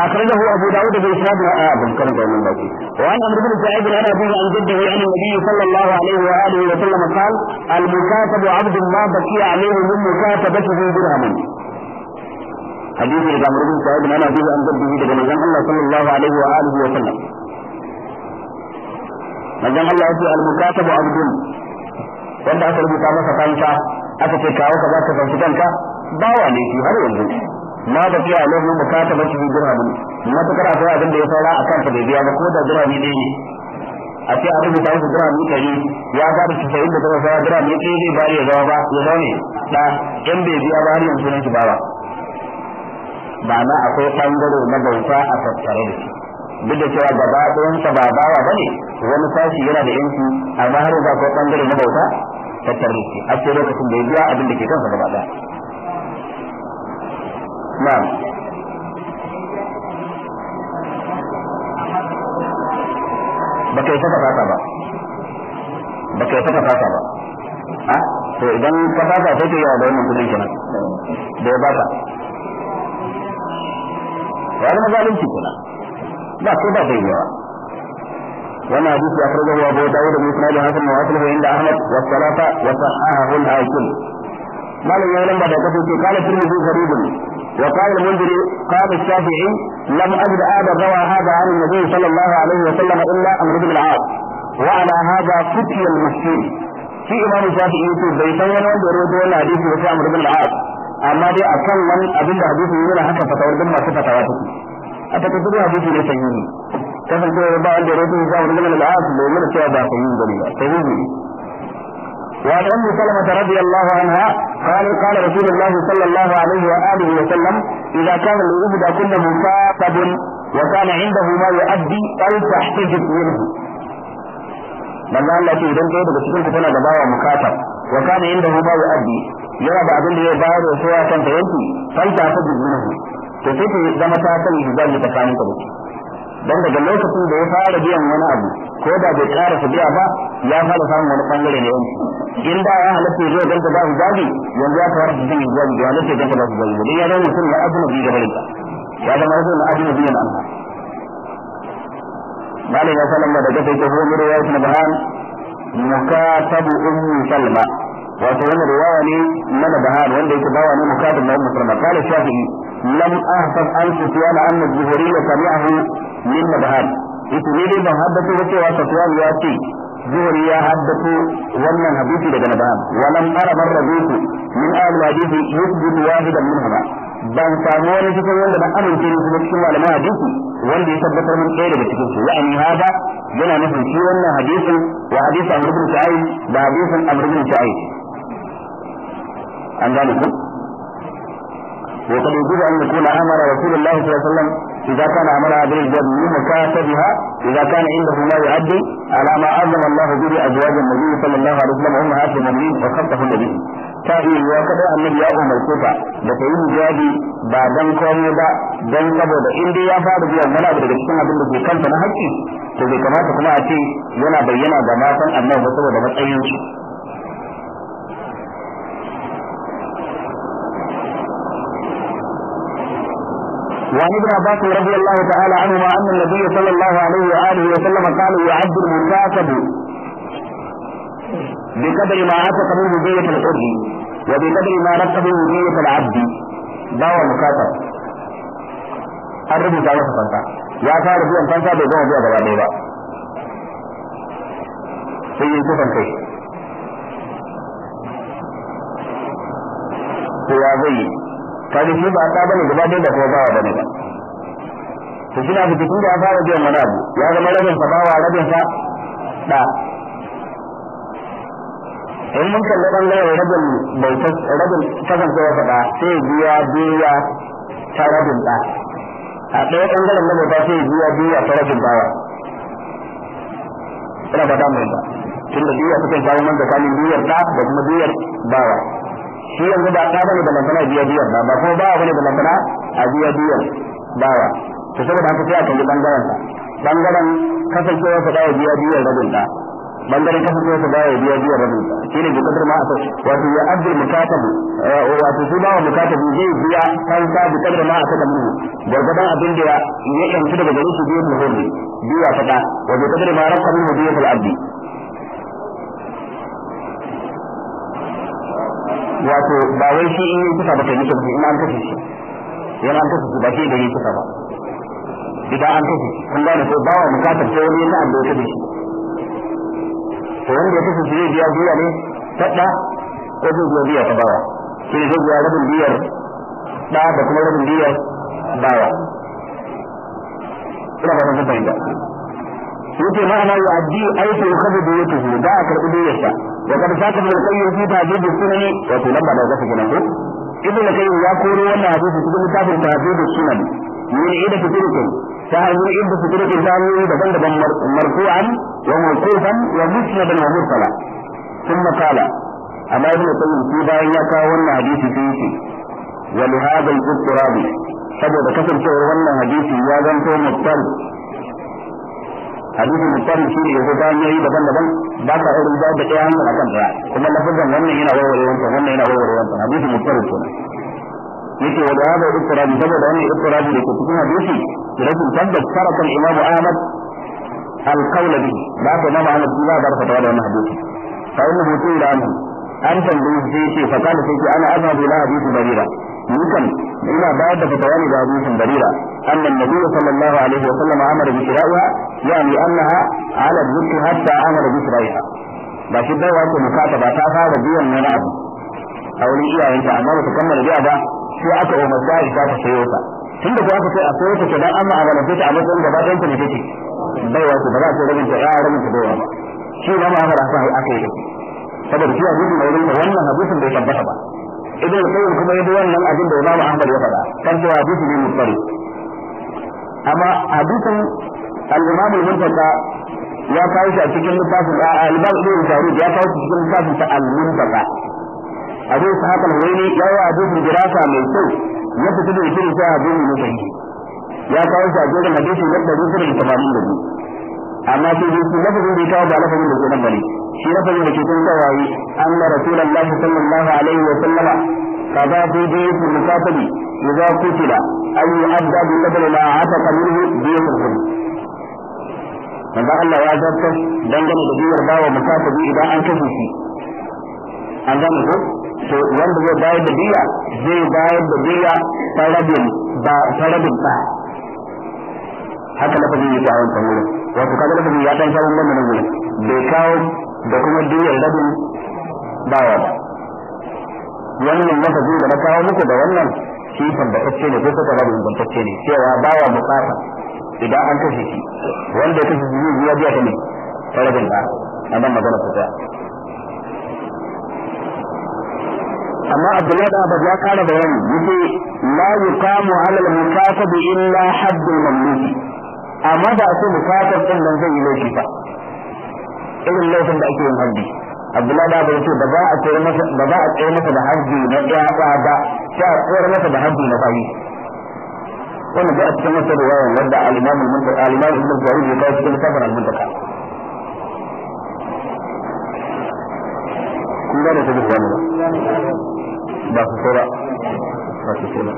أخرجه أبو داود بإسناد آدم كما قال من باقي وعن أمر بن سعيد عن أبيه عن جده عن النبي صلى الله عليه وآله وسلم قال المكاتب عبد الله بكي عليه من مكاتبته درهما حديث عن أمر بن سعيد عن أبيه عن جده عن الله صلى الله عليه وآله وسلم manzon Allah ya ce al-mukatabu abdun wanda aka rubuta masa kanka aka ce kawo ka za ka kanka bawa ne shi har yanzu ma ba fiya lahu mukataba shi dirhamin matakar akwai abin da ya saura a kanta bai biya ba ko da dirhami ne a ce a rubuta musu dirhami ɗari ya ga da cikin da kuma saura dirhami ɗaya zai bari ya zama ba ya zama ne da in bai biya ba har yanzu sunan shi ba ba na akwai ɓangare na bauta a tattare da shi duk da cewa gaba ɗayansa ba bawa ba ne wani sashi yana da yanki amma har yanzu akwai ɓangare na bauta tattare da shi a ce lokacin da ya biya abin da ke kansa gaba ɗaya نعم بكي فتح هذا بكي فتح هذا ها تو اذن فتح هذا فتح يا دائما كلي كنا دو باتا وهذا مزالي كنا لا كنا فيه يا وانا حديث يخرجه ابو داود من اسماعيل حسن وعطله عند احمد والصلاه وصححه الهاشم ما لم يعلم بعد قصه قال ترمذي غريب وقال المنذري قال الشافعي لم أجد آدم روى هذا عن النبي صلى الله عليه wa'ana إلا أمر بن العاص وعلى هذا فتي المسلم في إمام الشافعي يقول بيتان وانده روى دون حديث وفي أمر بن العاص amma dai a kan nan abin da hadisi yana haka fatawar duk masu fatawa take a take duk hadisi ne sahihi kasancewa ba wanda ya rubuta za mu rubuta al'as domin cewa ba sahihi bane ba sahihi ne وعن ام سلمه رضي الله عنها قال قال رسول الله صلى الله عليه واله وسلم اذا كان ليهدى كل مصاب وكان عنده ما يؤدي او تحتجب منه manzo Allah ce idan ɗaya daga cikin ku tana da bawa mukata wa kana inda hu ba yu'addi yana da abin da ya bayar da soya kan ta yanki fanta ta to sai ta zama ta sani hijabi tsakanin ka da dan daga lokacin da ya fara biyan wani abu ko da bai kara su biya ba ya fara samun wani bangare ne yanzu in da ya halatta zuwa ganta ba su zabi yanzu ya fara su zai zabi ya halatta ganta ba su zabi ba ya zama mutum ya azumi bi gaba da ya zama mutum ya azumi bi nan malam ya sallama da gafe ta huwa mura ya yi nabahan mukatabu ummu salma wato wani riwaya ne na nabahan wanda yake bawa ne mukatabu na ummu salma kala shafi'i lam ahfaz an sufyan anna az-zuhri sami'ahu min madhab yace ne dai ban haddace ba cewa sufyan ya ce zuhri ya haddace wannan hadisi daga madhab walam ara man rabitu min al hadisi da wahidan minhuma ban samu wani cikin wanda na amince da su cikin malaman hadisi wanda ya tabbatar min ɗaya daga cikin su ya'ani hada yana nufin shi wannan hadisin wa hadisin amr ibn sa'id da hadisin amr ibn sa'id an gane ku وقد يجوز ان يكون امر رسول الله sallallahu alaihi عليه إذا كان عملها بالجر مكاتبها إذا كان عنده ما يؤدي على ما أعظم الله به أزواج النبي صلى الله عليه وسلم أمهات المؤمنين وخلفه النبي ta iya kada annabi ya umarce ta da ta yi hijabi ba dan komai ba dan saboda in dai ya fara biyan mana abu daga cikin abin da ke kanta na haƙƙi to bai kamata kuma a ce yana bayyana ga matan annabi saboda matsayin matsayinsu وعن ابن عباس رضي الله تعالى عنهما أن النبي صلى الله عليه وآله وسلم قال يعد المنتسب بقدر ما عتق منه دية الحر وبقدر ما رق منه دية العبد باوى مكاتب الربو تعالى فقط يا فارد بيان فانتا بيقوم بيان بيان بيان سيئي كفن كي سيئي kaga shi ba ta bane gaba da kuma bawa bane ba to shi na fitin da ya fara biyan wani abu ya zama rabin sa bawa rabin sa da in mun kalli bangaren rabin bautar rabin kasancewa sa da sai biya biya ta rabin da a ɗaya bangaren na bauta sai biya biya ta rabin bawa ina ba ta mai ba tunda biya sukan kawo man tsakanin biyar ta da kuma biyar bawa shi yanzu ba ka bane da lantana biya biyar ba ba kuma a bane da lantana a biya biyar bawa to saboda haka sai a kalli bangaren sa bangaren kasancewa ta bawa biya biyar rabin da bangaren kasancewa ta bawa biya biyar rabin da shi ne bi kadar ma aka wato ya abdu mukatabu eh, wato shi bawa mukatabu zai biya kan sa bi kadar ma aka da mu gwargwadon abin da ya yanzu daga su biya biyu muhimmi biya ta wa bi kadar ma rakka mu biyu al-abdi wato ba wai shi in yi kusa ba kai musu in an kashe shi yana an kashe shi ba shi da yi kusa ba idan an kashe shi kun gane ko ba wa bukatar sai wani yana da ya kashe shi to wanda ya kashe shi zai biya biya ne taɗa ko zai biya biya ta bawa shi zai biya rabin biyar da da kuma rabin biyar bawa ina ba ta fahimta yake ma'ana ya addi aiki ya kafa da yake da a karɓi biyarsa وقد فات ابن القيم في تعذيب السنن وفي لما لو غفل كنا ابن القيم يا كوري ولا حديث في كتاب تعذيب السنن من عيد فكركم فهل من عيد فكركم ثاني دبن مرفوعا وموقوفا ومسندا ومرسلا ثم قال أما ابن القيم في بايعك ولا حديث فيك ولهذا الاضطراب saboda kasancewar wannan hadisi ya zanto muttal hadisin mutsarin shi ne yanzu bayan yayi daban-daban ba ka irin ba da ɗaya hankali akan ɗaya kuma lafazan wannan yana warware wancan wannan yana warware wancan hadisin ko ne yake wa da hada da saboda wannan ittirabi da ke cikin hadisi rashin tabbas sarakan imamu ahmad alqaula bi ba ka imamu ahmad ba ba ka da wannan hadisi fa inna mutum da an an tambaye shi yake fa kana sai ana azabu la hadisi barira mukan ina bayar da fatawa ne da hadisin barira أن النبي صلى الله عليه وسلم أمر بشرائها يعني أنها على الذكر حتى أمر بشرائها لكن دعوة مكاتبة تافة رضي المناب أو لي إياه أنت عمال تكمل بها ده في أكو مزاج تافة الشيوخة. عند جواب في أسوأ كذا أما عليك أنت على أنت إذا بعدين تنتهي دعوة برا كذا من جاء رم كذا شو لما أمر أصلا أكيد فبر في أبوه ما يبين وين ما أبوه سند يتبع إذا يقول كم يبين لم أجد دعوة أحمد يفعل كان جواب أبوه مستري amma hadisin al-imam al-muntaqa ya kawo shi a cikin littafin al-imam ibn Jarud ya kawo shi cikin littafin sa al-muntaqa abu ishaq al ya yi hadisin dirasa mai kyau ya fito da shi sai hadisin ne sahihi ya kawo shi a cikin hadisin yadda zai fara da tabamin da ni amma sai dai shi lafazin da ya kawo ba lafazin da ke nan bane shi lafazin da ke cikin kawai anna rasulullahi sallallahu alaihi wa sallama kaza daidai yake misafiri idza kutila ayi yu'adda bi qadri ma ataqa minhu bi yawmin manzo Allah ya zarta dangane da biyar bawa musafiri idan an kashe shi an gane ko to wanda zai bayar da biya zai bayar da biya ta rabin ba ta rabin ba haka lafazin yake a wancan wurin wato kaga lafazin ya dan shawo wannan wurin bai kawo da kuma biyar rabin bawa ba wannan lafazi da na kawo muku da wannan shi tabbatacce ne ko kuka babu ingantacce ne cewa bawa bukata idan an kashe shi wanda ya kashe shi ya biya ta ne farajin da a nan magana ta ta amma abdullahi da abu ya kara bayani yace la yuqamu ala al-mukatab illa Haddun mamluki amma da a ce mukatab din nan zai yi laifi ba irin laifin da ake yin haddi abdullahi da bai ce ba za a koyar masa ba a masa da hajji na ɗaya ba sai a koyar masa da hajji na kwayi wannan da a cikin wata riwaya wanda al-imam al-muntaka al-imam kawai cikin kafar al kun ga da tabbata wannan ba su tsora ba su tsora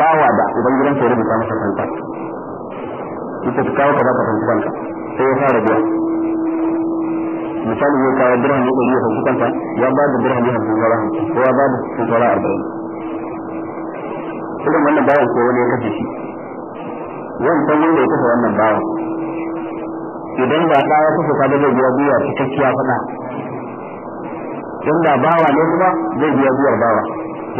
bawa da idan gidan sai rubuta masa kanta ita ta kawo ka ba ka kanta sai ya fara biya misali zai kawo dirham ya ɗari hamsin kanta ya ba da dirham ya hamsin zara ko ya ba da hamsin zara arba'in irin wannan bawan ko wani ya kashe shi wancan wanda ya kashe wannan bawan idan ba ta ya kashe kada zai biya biya cikakkiya faɗa in ba bawa ne kuma zai biya biyar bawa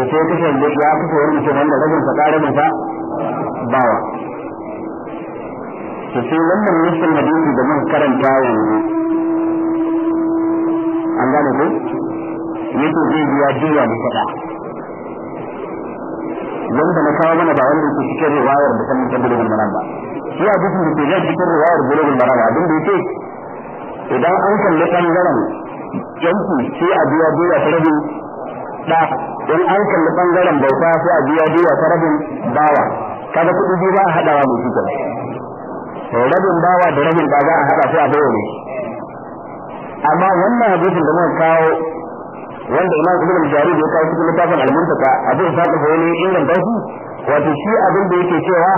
da sai kashe ya kashe wani mutum wanda rajin sa ƙara masa bawa sosai sai wannan na hadisi da mun karanta yanzu an gane ko yake zai biya biya da faɗa wanda na kawo mana ba wanda ke cikin riwayar da sanin tabbata da manan ba shi a duk da ke zai cikin riwayar bulugul maran abin da ce idan an kalli ɓangaren yanki sai a biya biya ta rabin ɗa in an kalli bangaren bauta sai a biya biya ta rabin bawa kaga kuɗi biyu ba a haɗawa mai shi rabin bawa da rabin ba za a haɗa sai a bayyane amma wannan hadisin da muka kawo wanda imam ibn al-jarir ya kawo cikin littafin al-muntaka abin sa ka hoye inganta shi wato shi abin da yake cewa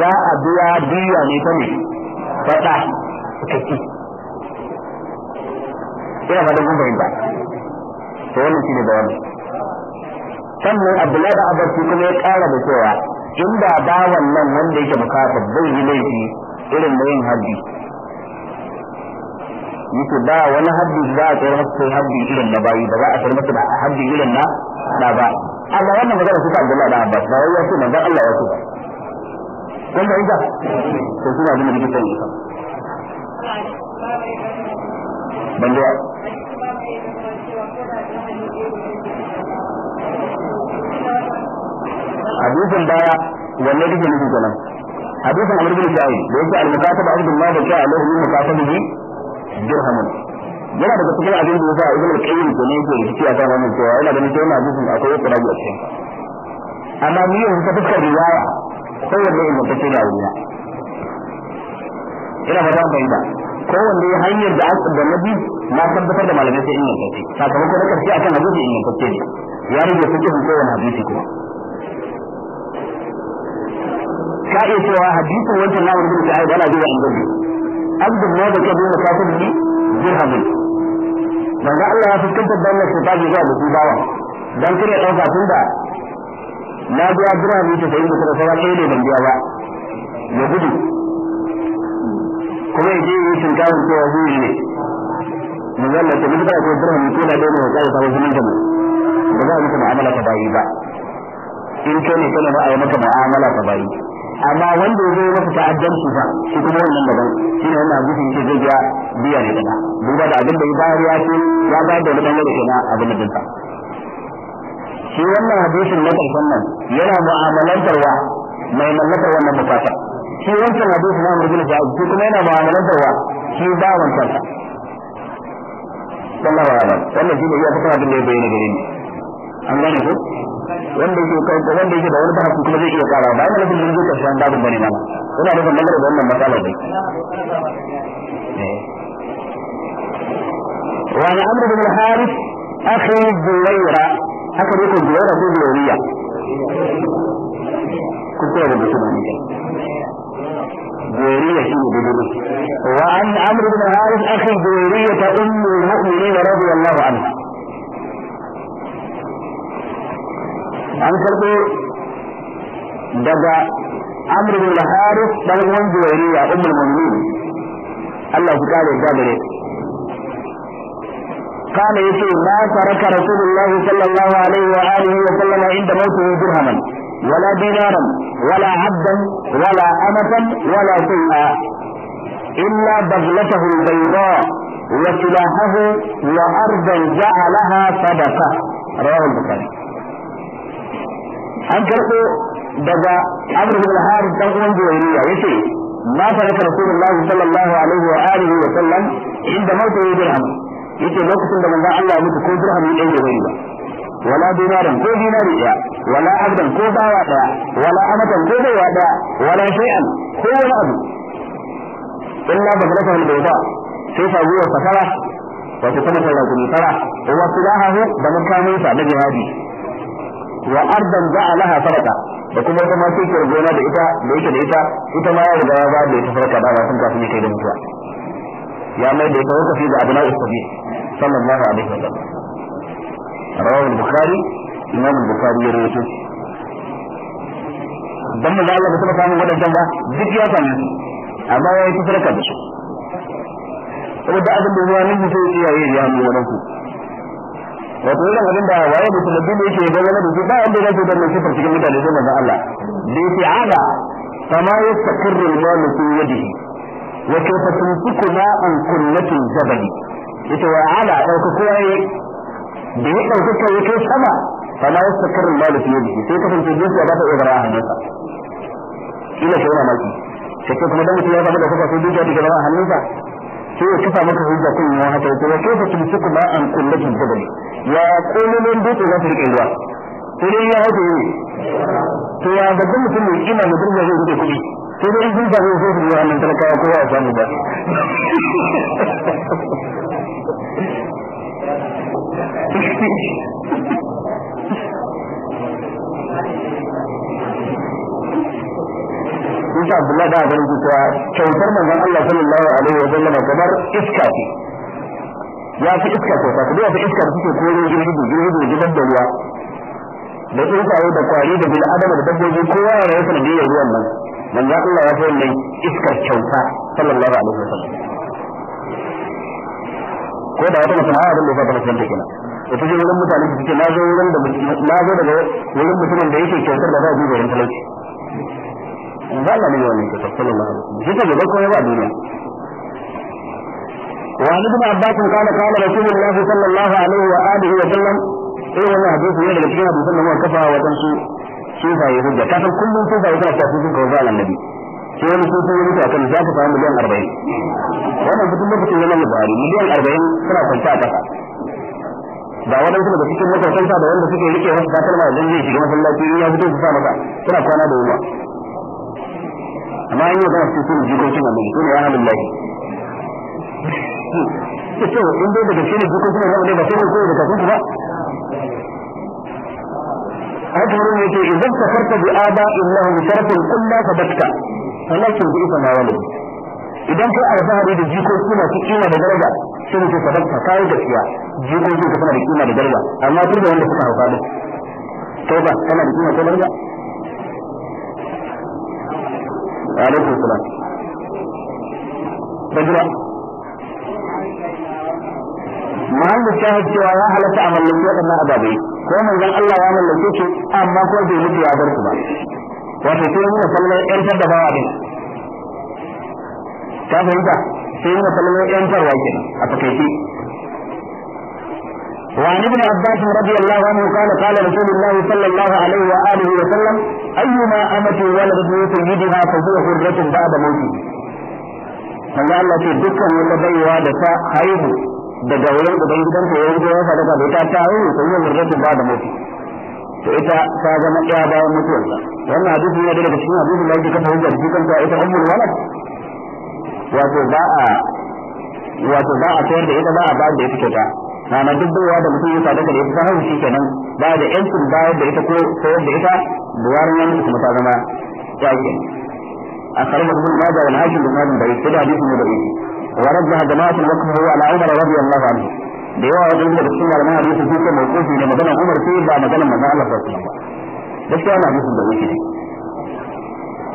za a biya biya ne ta ne fada kake ina fatan kun fahimta to wannan shi ne da wannan sannan abdullahi da abbas kuma ya kara da cewa inda ba wannan wanda yake mukafir zai yi laifi irin mai yin hajji yake ba wani haddi za a tsoron su sai haddi irin na bayi ba za a tsayar masa da haddi irin na da ba amma wannan magana su ta Abdullahi da Abbas ba wai ya manzon Allah ya su ba kun ga inda to suna da mutum sai ban da hadisin baya wanne kike nufi kenan hadisin amr bin sa'id da yake al-mukataba abdullah da sha alaihi dirhamun yana daga cikin abin da yasa ibn al-qayyim ko ne yake rikici a kan wannan cewa yana ganin cewa hadisin akwai ikraji a cikin amma ni yanzu ta fuskar riwaya kowanne ne ta ce da wuya ina fata an fahimta kowanne hanyar da aka da nabi ma tabbatar da malamai sai ingantacce sakamako na karshe akan hadisi ingantacce ne ya rage fikihin kowane hadisi kuma ka iya cewa hadisin wancan na wurin da ya ana zuwa ingantacce abdun ma da kabi makasar ni dirhamin manzo Allah ya fuskantar da wannan kitabi zuwa da bawa dan kare dauka tunda na biya dirhami ta sai da sauran ɗaya ne ban biya ba ya gudu kuma ya je yi shinkafin cewa zuri ne manzo Allah ya mutu da dirhami ko da dai ne ya kai ta wajen jama'a ba za a yi mu'amala ta bayi ba in kai ne kana ba a yi maka mu'amala ta bayi amma wanda ya zai ya ta'addan su ba shi kuma wannan daban shi ne wannan abu shi zai ga biya ne daga duba da abin da ya bayar ya ce ya bayar da wani da kenan abin da dinka shi wannan hadisin na karshen nan yana mu'amalantarwa mai mallakar wannan bukatar shi wancan hadisin na murgina ta shi kuma yana mu'amalantarwa shi bawan kansa sallallahu alaihi wa wannan shi ne ya fara abin da ya bayyana gare ni an gane ko wanda yake kai ko wanda yake da wani bahasi kuma zai iya kara ba yana nufin yanzu karshen babin bane mana ina nufin bangare da wannan matsalar dai وعن عمرو بن الحارث أخي زويرة haka ne ko zuwa ko zuwa ku ce da mutum ne جويرية شيء بدونه وعن عمرو بن الحارث أخي جويرية أم المؤمنين رضي الله عنه an karɓo daga amr bin al-harith dan uwan juwayriya ummul mu'minin Allah ya kare ta gare قال يسوع ما ترك رسول الله صلى الله عليه وآله وسلم عند موته درهما ولا دينارا ولا عبدا ولا أمة ولا شيئا إلا بغلته البيضاء وسلاحه وأرضا جعلها صدقة رواه البخاري an karɓo daga amurka da harin ɗan uwan jawariya ya ce na faɗaƙa da sunan lafi sallallahu alaihi wa alihi wa sallam inda mauta ya dirham ya ce lokacin da manzan allah ya mutu ko dirham ya ɗaya jawari ba wala dinarin ko dinari ɗaya wala abdan ko bawa ɗaya wala amatan ko bawa ɗaya wala shay'an ko wani abu illa da barakar albaida sai fa zuwa fasara wato kuma sai da kuma fara wasu da hahu da mun kamo sa da jihadi wa ardan ja'alaha farqa da kuma wata mace ke gona da ita da yake da ita ita ma ya riga ya ba da ita farka da ba sun kafin yake da mutuwa ya mai da ita wakafi da abuna istafi sallallahu alaihi wa sallam rawahu bukhari imam bukhari ya rawaito dan mu Allah ba ta samu wadannan ba duk ya samu amma ya yi farka da su saboda abin da ruwa ne mutum ya yi ya yi ya hannu wadansu wato irin abin da waye da kuma dole yake ga wani da ba wanda zai da mai sifar cikin mutane sai manzo Allah bi fi'ala kama yastaqirru al-mal fi yadihi wa kayfa tunfiku ma'an kullati jabal ita wa ala dauka ko yayi da ya dauka kai yake sama kama yastaqirru al-mal fi yadihi sai kasance jinsi ba ta iya bara hannunsa ina shi yana maki sai kuma dan mutum ya zama da kuka sai dukiya take zama hannunsa sai ya kafa maka hujja kun yawan haka sai ka kaifa tumsiku ma an kulle kullatin jabal ya kullun dutse za ta rike ruwa sai ya haka yi to ya ga babban mutum mai kima mai daraja zai kudi sai dai sun samu sai su ya nan talakawa ko ya samu ba in sha Abdullahi da ganin cewa kyautar manzon Allah sallallahu alaihi wa sallam kamar iska ce ya fi iska ko ta kuma fi iska kuke koro girgizo girgizo gidan da ruwa da tsuntsaye da kwari da bil adama da dabbobi kowa ya rasa da biyar ruwan nan manzon Allah ya fi mai iskar kyauta sallallahu alaihi wa sallam ko da wata mutum da ya fata mutum take kina ita ce wurin mutane da suke na zo wurin da na zo daga wurin mutumin da yake kyautar da ba a duba talauci manzo Allah ne wannan kyautar sallallahu alaihi wasallam ka ta gaban kowa ba duniya وعن ابن عباس قال قال رسول الله صلى الله عليه wa sallam. ايه eh, wannan hadisi ne daga cikin hadisan da muka kafa wajen su sufaye hujja ka san kullum sufaye suna tafi sun kawo zuwa annabi sai wani sun yi mutu akan za ka miliyan arba'in wannan cikin lokacin zaman bukari miliyan arba'in suna kwanta a ƙasa ga waɗansu daga cikin makwabtansa da wanda suke rike wasu takalma da zai shiga masallaci ya fito su sa masa suna kwana da yunwa amma an yi magana su sun jikokin annabi su ne ya halin lahi hmm. ta ce in dai daga shirin jikokin annabi ba sai ko da kafin ba haka wurin yake idan ka farka bi aba innahu sharafin kullu fadatka walakin bi isma walid idan kai alfahari da jikoki masu kima da daraja sai mutum ka baka kai gaskiya jikoki ka suna da kima da daraja amma tun da wanda suka hauka duk kai ba kana da kima da daraja alaikum salam bajira ma'an da shahid cewa ya halatta a mallaki waɗannan ababai ko manzon Allah ya mallake ce amma ko bai mutu ya bar ba wato sai nuna kallon yantar da bawa din ta fahimta sai nuna kallon a takaice وعن ابن عباس رضي الله عنه قال قال رسول الله صلى الله عليه واله وسلم ايما امه ولدت سيدها فهو حرة بعد موته manzo Allah ce dukkan baiwa da ta haihu daga wurin ubangidan ta yayin da ya fada da ta ta haihu to yin rubatu ba da mutu to ita ta zama ɗaya mutuwarsa wannan hadisi ne daga cikin hadisin da yake kafa hujja da ita ummul walad wato ba a wato da ita za a ba da ita kyauta ma'ana duk dawa da mutum ya sadaka da ita ta haihu shikenan ba da yancin bayar da ita ko sayar da ita da buwarin yanki kuma ta zama yaƙin a karbar mun ma da wani hakim da mamun bai sai da hadisi ne da yake wa rabbaha jama'atul wakfu ala umar radiyallahu anhu da yawa wajen da cikin malaman hadisi sun ce mawqufi ne magana umar sai ba magana manzo Allah sai alaihi gaskiya wannan hadisin da yake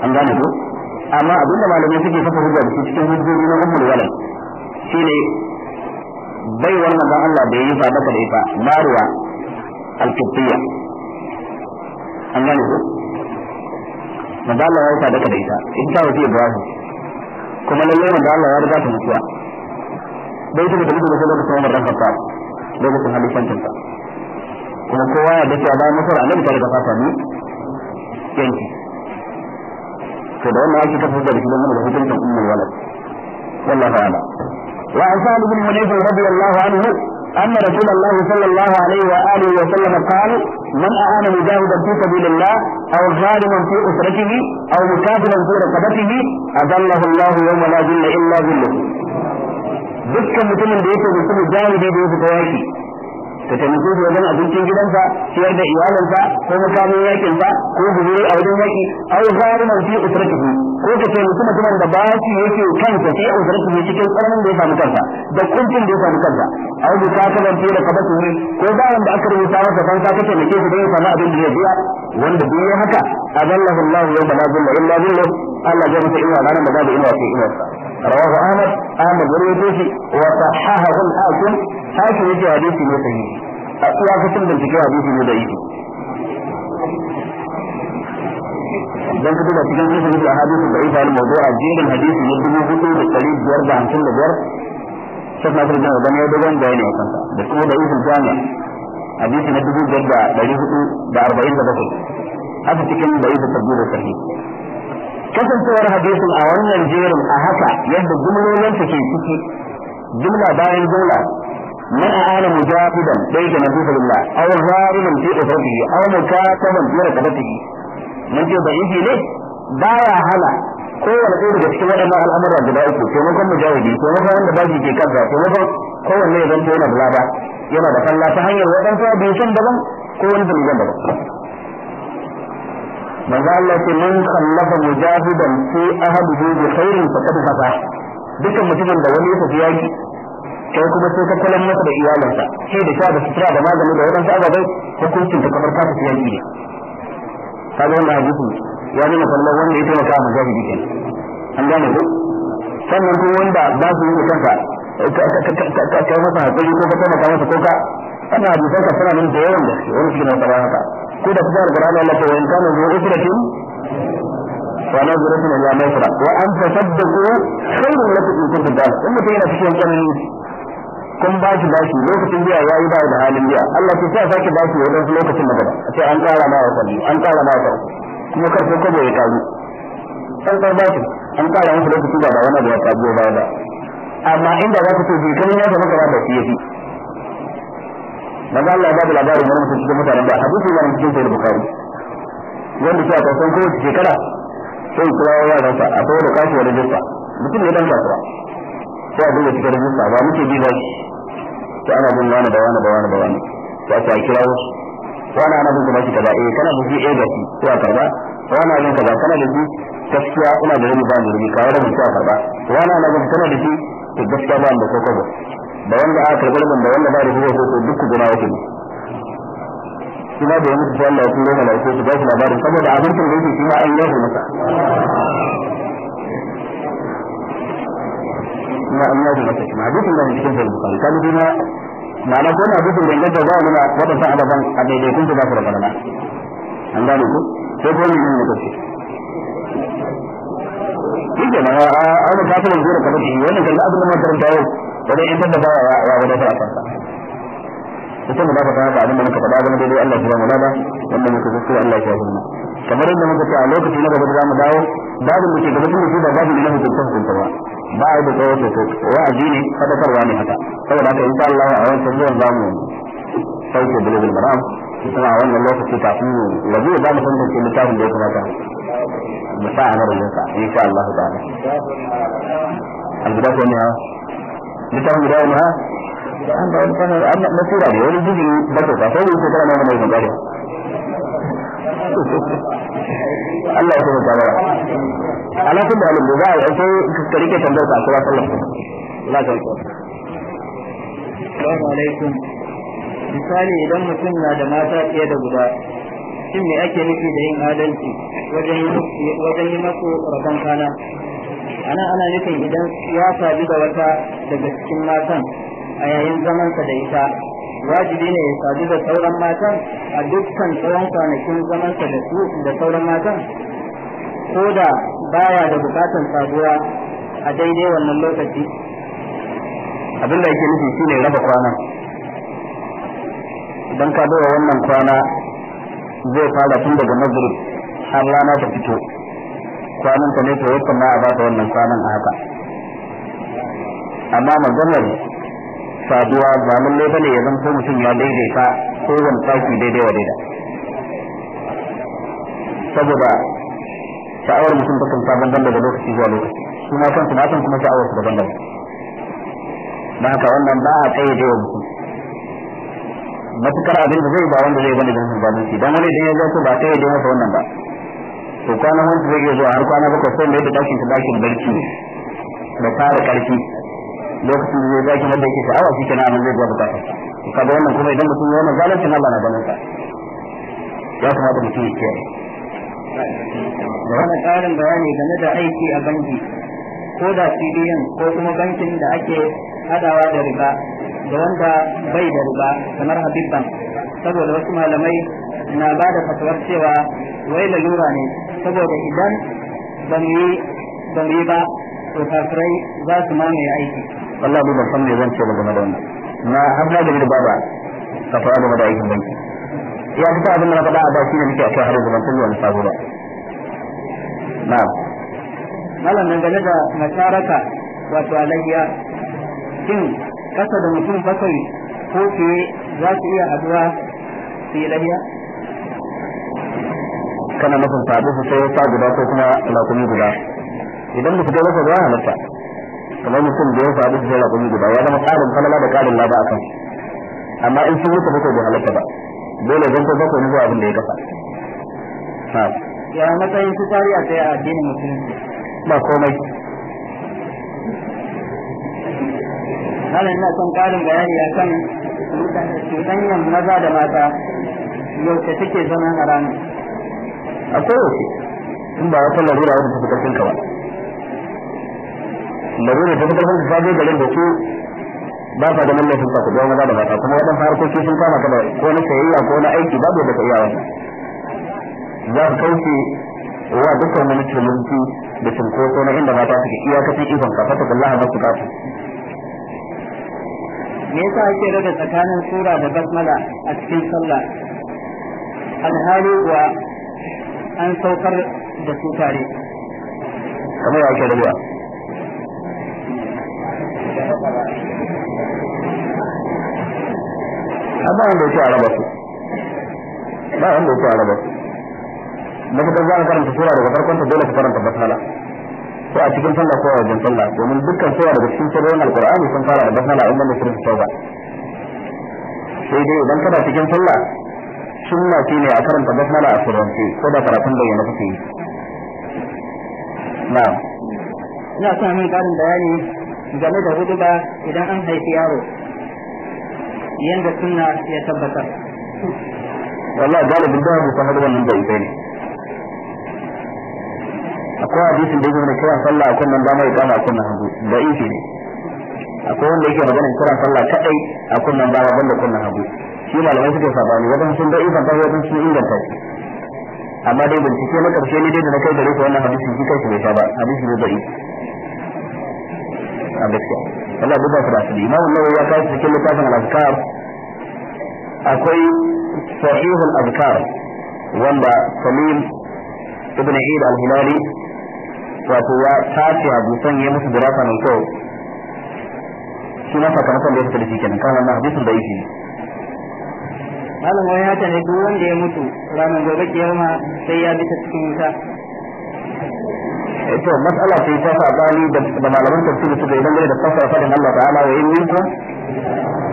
an gane ko amma abinda malamai suke fasa hujja da cikin hujjoji na ummul walad shine bai wannan dan Allah da yi fada da ita mariya al-qibtiyya an gane ko manzo Allah ya yi fada da ita in ta wuce Ibrahim kuma lalle manzo Allah ya riga ta mutuwa bai ta mutu da lokacin Umar dan Khattab lokacin halifantar ta kuma kowa ya dace a bayan mutuwar annabi ta riga fata ne yanki to da wannan ake tafsir da shi don da hukuncin ummul walad wallahi ta'ala وعن سهل بن حنيف رضي الله عنه أن رسول الله صلى الله عليه وآله وسلم قال من أعان مجاهدا في سبيل الله أو ظالما في أسرته أو مكافرا في رقبته أذله الله يوم لا ذل إلا ذله دكا متمن بيته مجاهد بيته تواكي ka taimake shi wajen abincin gidansa ciyar da iyalinsa ko makamin yakin ba ko guzuri a wajen yaki ai zaliman fi usratihi ko ka taimaki mutumin da bashi yake kansa fi usratihi cikin tsananin da ya samu kansa da kuncin da ya samu kansa ai bi ka kaban fi da kabatu ne ko ba wanda aka rubuta masa ban ka taimake shi don ya samu abin da ya biya wanda duk ya haka adallahu Allah yau bala zilla illa zilla Allah zai mutu ina ranar da babu ina sai ina rawahu Ahmad Ahmad wani ya wa sahahahu al-Hakim tashi yake hadisi ne sahihi a iyakacin bincike hadisi ne da yake dan ka duba cikin cikin da hadisi da ibal mawdu'a jirgin hadisi ne dubu hudu da ɗari biyar da hamsin da biyar shek nasir bin wajen ya dogon bayani ne kanta da kuma da ita jami'a hadisi na dubu biyar da ɗari hudu da arba'in da bakwai haka cikin da ita tabbu da sahihi kasancewar hadisin a wannan jerin a haka yadda jumlolin take ciki jumla bayan jumla من أعان مجاهدا بين نبيه الله أو ظالما في أسرته أو مكاتبا في رقبته من جهة ضعيفه ليه بايا هلا kowane ɗaya daga cikin waɗannan al'amura guda uku taimakon mujahidi taimakon wanda baji ke kansa taimakon kowanne ya zanto yana bulada yana da falla ta hanyar waɗansu abincin daban ko wani zaliban daban manzo Allah ce man kallafa mujahidan fi ahadihi bi kairin faqad fafa dukkan mutumin da wani ya tafi yaki kai kuma sai ka kalan masa da iyalinsa sai da sha da sutura da magani da waɗansu ababai hukuncin ta kamar ta tafi yanki ne ka ga wannan hadisi ya nuna kallon wanda ya taimaka ma jahili ke an gane ku sannan ko wanda ba su yi kanka kai masa hakuri ko ka taimaka masa ko ka ana hadisan ka suna nan da yawan gaske wani suke na tsara haka ko da kusa alqur'ani Allah ta wayan kana zuwa usratin wa la zuratin mai maisra wa an tasaddaqu khairun lakum in kuntum ta'lamun in mutum yana cikin tsanani kun ba shi bashi lokacin biya ya yi ba da halin biya Allah ke sa sake bashi wa wadansu lokacin da gaba a ce an ƙara ma wasanni an ƙara ma kuma karfe kwabo ya kazu an ƙar bashi an ƙara musu lokacin ba da wani da ya kazo baya ba amma inda za ka ce bi ya zama kaza da shi yafi maza Allah ya ba da labarin wani mutum cikin mutanen da hadisi wani cikin sayar bukari wanda shi a kowace shekara sai kira wa yaransa a kowane kashi wa rajista mutum ya dan kasuwa sai a da cikin rajista ba muke bi ba shi to ana bin wani da wani da wani da wani to ake a kira wasu wani ana bin kuma shi kaza eh kana bin shi eh da shi ko a karba wani ana kaza kana da shi gaskiya ina da wani ba da rubi kawai da mutu a karba wani ana bin kana da shi to gaskiya ba da koko ba da wanda aka karbi da wanda ba da rubi ko duk ku gona yake ne kuma da ya mutu sai Allah ya kuma malaiku su ba shi labarin saboda abincin da yake shi ma an yi masa kuma an yaji masa shi ma hadisin da cikin sahih bukhari kaga kuma ma'ana ko na hadisin da yake ba mana adaban a daidaitun su ba su da barna an gane ku sai ko ne ne kace shi ke nan a wani kafirin zuwa kamar shi wannan kan abin da makaranta yau wadai in da ba ya da a kansa mutum da ka ba abin da muka faɗa zama daidai Allah subhanahu wa ta'ala wanda muka gaskiya Allah ya yarda kamar yadda muka ce a lokaci na gaba da zamu dawo babin da ke gaba da ba babin da muke tantance ba ba a da tsawo sosai wa'azi ne sadakarwa ne haka saboda ka yi Allah a wancan zuwan zamu sauke bulugul maram kuma a wannan lokaci kafin mu yanzu za mu tantance littafin da ya kamata mu sa a nazarin sa insha Allah ta'ala al-bidayah wa nihaya littafin bidayah wa nihaya an da wani kanar an na sura ne wani jigin bakwai ba sai ne ko kana mai mai gari Allah ya kuma kamar alaƙar da alim da za a yi sai ka rike tambayar ka kuma sallar na ga Assalamu alaikum misali idan mutum na da mata fiye da guda shin me ake nufi da yin adalci wajen yi masu rabon kana ana ana nufin idan ya sadu da wata daga cikin matan a yayin zamansa da ita wajibi ne ya sadu da sauran matan a dukkan tsawon kwanakin zamansa da su da sauran matan ko da baya da bukatan sabuwa a daidai wannan lokaci abin da yake nufi shine raba kwana don ka wannan kwana zai fara tun daga magrib har rana ta fito kwanan ta ne to yakan ma a ba wannan kwanan a haka amma maganar saduwa ba ne bane ya ko mutum ya daidaita ko wani tsaki daidai wa daida saboda sha'awar mutum ta kanta dan daga lokaci zuwa lokaci su ma kansu na san kuma sha'awar su daban daban da haka wannan ba a kayyade wa mutum matukar abin da zai ba wanda zai bane da mutum zalunci dan wani idan ya zo ba da masa wannan ba to kwanan wanda zai zuwa har kwana bakwai sai mai da dakin ta dakin barci da fara karfi lokacin da zai zaki wanda yake sha'awa shi kenan amma zai biya bukata kaga wannan kuma idan mutum ya wannan zalunci na bana ganin sa ya kamata mutum ya kiyaye da wani ƙarin bayani game da aiki a banki ko da CBN ko kuma bankin da ake hadawa da riba da wanda bai da riba kamar Habib Bank saboda wasu malamai na ba da fatawar cewa wai lalura ne saboda idan ban yi ba to kafirai za su mamaye aiki Allah ni ban san me zan ce ba game da wannan na har da gari baba ka fara game da aikin banki ya fita abin da na faɗa a ba shi ne muke a cewa har yanzu ban san wani sabo ba na'am malam dangane da nasaraka wato alayya shin kasa da mutum bakwai ko ke za su iya haduwa su yi layya kana nufin sabo su sai ya sa guda ko kuma lakumi guda idan mutum ya rasa zuwa halatta kamar mutum da ya faru da raƙumi guda ya zama ƙarin falala da ƙarin lada akan amma in sun wuce bakwai bai halatta ba dole zan ko bakwai zuwa abin da ya kafa ya matsayin fitari a kai a addinin musulunci ba komai malam na son ƙarin bayani akan cutanyan maza da mata yaushe take zama haramun Akwai kowace in ba wata larura wadda ta fi ƙarfin ka ba madina ta fitar da sabon garin da su ba sa da mallafin ka kuma maza da mata kuma waɗansu harkoki sun kama ka ko na sayayya ko na aiki babu da ka iya za su kauce wa dukkan wani tilminci da cinkoso na inda mata suke iyakacin ikon ka fata kullaha ba su kasu me yasa ake rage tsakanin sura da basmala a cikin sallah alhali wa an saukar da su tare kamar ya ake rabewa amma wanda yake a raba su ba wanda yake a raba su da kuma za ka karanta sura daga farkon ta dole ka karanta basala ko a cikin sallah ko a wajen sallah domin dukkan sura daga cikin surorin alqur'ani sun fara da basala in da surin tauba sai dai idan kana cikin sallah sunna ce ne a karanta basala a surance ko da karatun da bayyana kake yi na'am ina son mun karin bayani game da huduba idan an haifi yaro yanda suna ya tabbatar wallahi galibin da kan san nan da ita ne akwai hadisin da yake wani kiran sallah a kunnan dama ya kama a kunnan hagu da ita ne akwai wanda yake magana kiran sallah kadai a kunnan dama banda kunnan hagu shi malamai suke sabani wajen sun da ifan ta wajen sun inganta shi amma dai bincike na karshe ne dai da na kai da ku wannan hadisi shi kai su bai sha ba hadisi ne da isi a gaskiya Allah duk ba su da su Imam Nawawi ya kawo cikin littafin al-Azkar akwai sahihul azkar wanda Salim ibn Eid al-Hilali wato ya tace abusan ya musu dirasa mai kyau shi ma sakamakon da ya fita da shi kenan kan wannan hadisin da yake malam ya hata ne duk wanda ya mutu ranar gobe kiyama sai ya bi ta cikin wuta to mas'ala ce ta sabani da malaman tafsiri suka idan gare da fasara fadin Allah ta'ala wa in minkum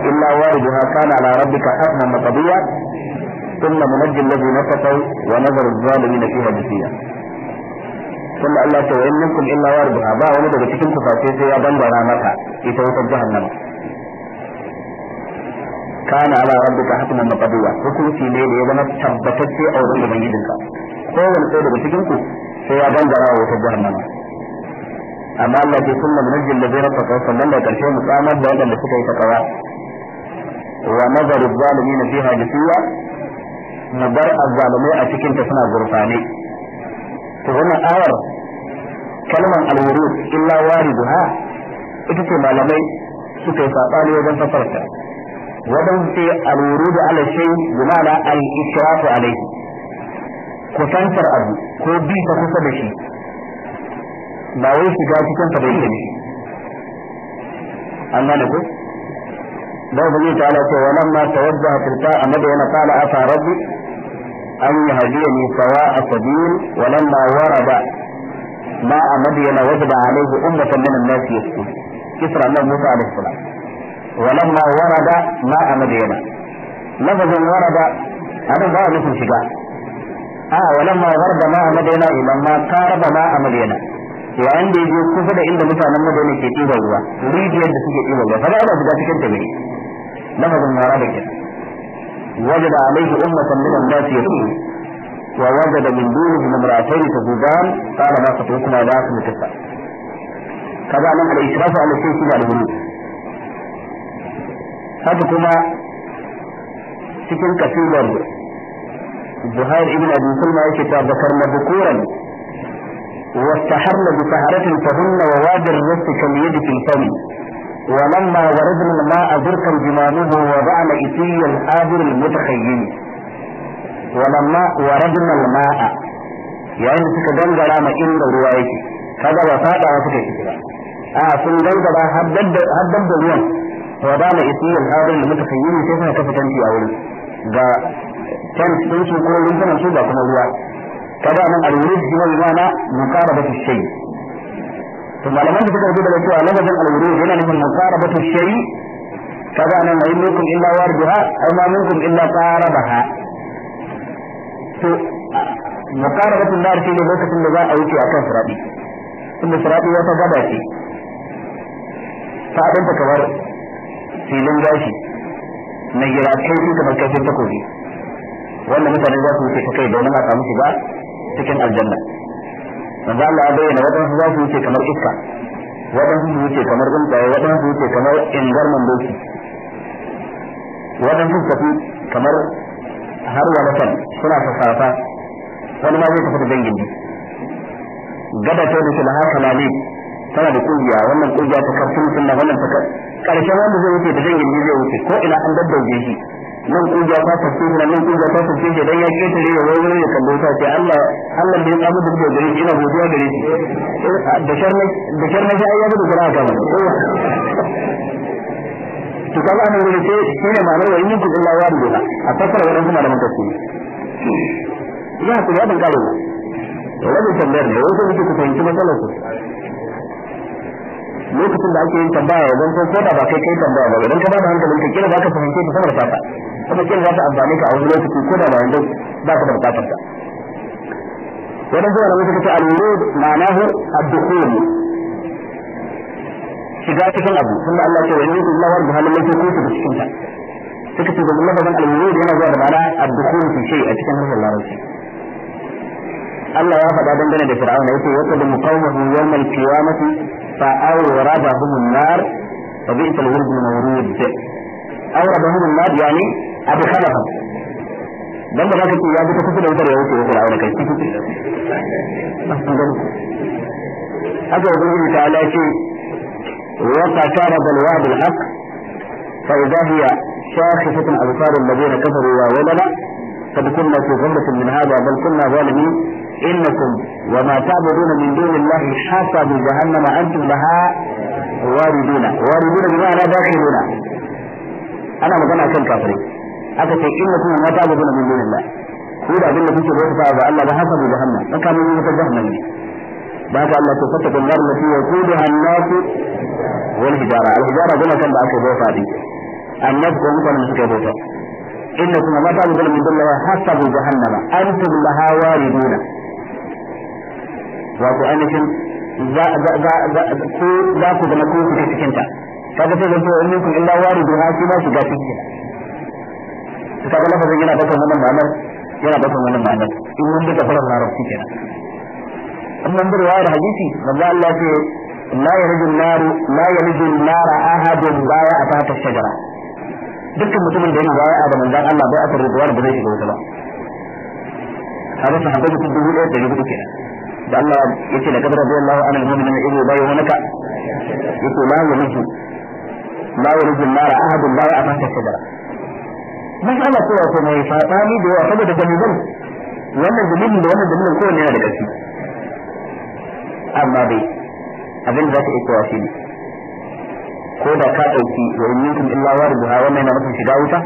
illa wariduha kana ala rabbika hatman maqdiya thumma munajji alladhina kafaru wa nadharu adh-dhalimina fiha jafiya kuma Allah ta wa in minkum illa wariduha ba wani daga cikin kufafe sai ya bangara maka ita wutar jahannama kana ala rabbika hatman maqdiya hukunci ne da ya zama tabbatacce a wurin ubangijinka kowanne sai daga cikin ku sai ya gangara wa wutar jahannama amma Allah ke sunna munajjin da zai rafa kawai sannan da karshe mu tsamar da wadanda suka yi takawa wa na zalimina fiha jisiya mu bar azzalumai a cikin ta suna gurfane to wannan awar kalmar alwurud illa wariduha ita ce malamai suka yi sabani wajen fasarta wadan sai alwurud ala bi ma'ana al-israfu alayhi kusantar abu ko bi ta kusa da shi ba wai shiga cikin sa bai yi an gane ko da ubangi ta ala ce wannan ma tawadda tilka a madayana qala afa rabbi an yahdiyani sawa'a sabil walamma warada ma a madayana wajaba alaihi ummatan min an-nas yasku kisra annabi Musa alaihi salam walamma warada ma a madayana lafazin warada anan ba nufin shiga a walamma gharba ma madina idan ma qaraba ma madina yayin da yaje kusa da inda mutanen madina ke ɗiba ruwa rijiyar da suke ɗiba ruwa kaga ana shiga cikin na lafazin mara da kenan wajada alaihi ummatan min an-nas yaqul wa wajada min min imra'atayn tazudan qala ma fatukuma la tumtasa kaza nan da israfu ala shay'in shi da alburu. haka kuma cikin kasidar zuhair ibn abi sulma yake ta bakar na bukuran واستحرن بسهرة فهن وواد الرزق كاليد في الفم ولما وردنا الماء بركا جمانه وضعن إتي الحاضر المتخيم ولما وردنا الماء يعني سكدنجر ما إن روايتي هذا وفاء وفكي كده a sun gangara haddar da ruwan wa ba na isi yin harin da muka yi sai suna ta fitanci a wurin ga kan sun su kuma rumfunan su ba kuma ruwa kada nan alwurid kuma bimana muqarabatu shay to malaman da suka rubuta da cewa lafazin alwurid yana nufin muqarabatu shay kada nan ayi minkum illa warduha aw ma minkum illa qarabaha to muqarabatu nar shi ne lokacin da za a wuce akan sirabi inda sirabi wata gaba ce ta adanta kamar filin gashi na gira kai kamar wanda mutane za su wuce ta kai domin a samu shiga cikin aljanna manzo Allah ya bayyana waɗansu za su wuce kamar iska waɗansu su wuce kamar tsuntsaye waɗansu su wuce kamar ingarman doki waɗansu su tafi kamar har wani kan suna sassafa wani ma zai tafi da dangin gada ta da haka kalali tana da kungiya wannan kungiya ta karfin sunna wannan ta karshen wanda zai wuce da dangin zai wuce ko ina an daddauke shi nan kungiya ta tafi shi nan kungiya ta tafi shi dan ya ketare ya wani ya kallo ta ce Allah Allah da gare shi ina godiya gare shi da sharna da shi ayyaba da gura ka to kaga an rubuce shi ne ma'anar wa yin kullu Allah wani gona a fasara wannan kuma da mun tafsiri ya ku ya tambayar ne lokacin da ake yin tambaya wajen ko da ba kai kai tambaya ba idan ka ba da hankalin ka kira ba ka fahimce ta sama da fata kuma kin za ta amfane ka a wani lokaci ko da bayan dai ba ka da bukatar ta wannan zuwa da suka ce al-wurud ma'anahu ad-dukhul shiga cikin abu tunda Allah ya ce wa yuridu Allahu an yuhalla man yakunu fi cikin ta suka ce domin lafazin al-wurud yana zuwa da ma'ana ad-dukhul fi shay a cikin harshen larabci Allah ya faɗa dangane da Fir'auna yace wa qad muqawmuhu yawm al-qiyamati fa awradahum an-nar fa bi'sa al-wurd al-mawrud awradahum an-nar yani abu kalafa dan ba za ka ce ya ji ta kusa da wutar ya wuce wutar aure kai cikin haka ubangiji ta ala ce wa qatara bal wa'd al haqq fa idha hiya شاخصة أبصار الذين كفروا وولنا قد كنا في غمرة من هذا بل كنا ظالمين إنكم وما تعبدون من دون الله حسب جهنم أنتم لها واردون واردون بمعنى داخلون أنا مغنى كم كافرين aka ce inna kuma mata abu na min Allah ko da abin da kuke bauta ba Allah ba hasabu jahannam makamin wutar jahannam ne Ba ka Allah ta fata kun na fi yaquduha an-nas wal hijara al hijara gona kan da aka bauta din Amma ko mutanen suka bauta inna kuma mata abu na min dunillah hasabu jahannama antum laha wa ku anakin za ku zama ko kuke cikinta kaga sai zan ce wa minkum illa wariduna shi shi ga cikin to kaga lafazin yana daukar wannan ma'anar yana daukar wannan ma'anar in mun bi tafarar larabci kenan in bi riwayar hadisi manzo Allah ce la yarju naru la yarju nara ahadun ba'a atata shajara dukkan mutumin da yana ba'a da manzon Allah bai aka rubuwar da zai shiga wuta ba kaga sahabbai su dubu ɗaya da dubu kenan da Allah yace da kadar da Allah ana mu'minin ido bayu hunaka yace la yarju la yarju an-nara ahadun ba'a mas'ala kowa ko mai ni da yawa saboda dalilin wannan dalilin da wannan dalilin kowanne yana da ƙarfi amma bai abin da za ka iya shi ne ko da ka ɗauki wa in minkum da wariduha wannan yana mutum shiga wuta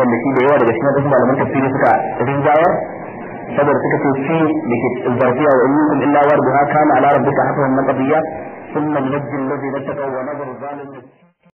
wanda shi da yawa daga cikin wasu malaman tafsiri suka rinjaya saboda suka ce shi da ke zarfiya wa in minkum a wariduha haka wannan rabbika hasaban maqdiya ثم na taɓa wa ونذر الظالمين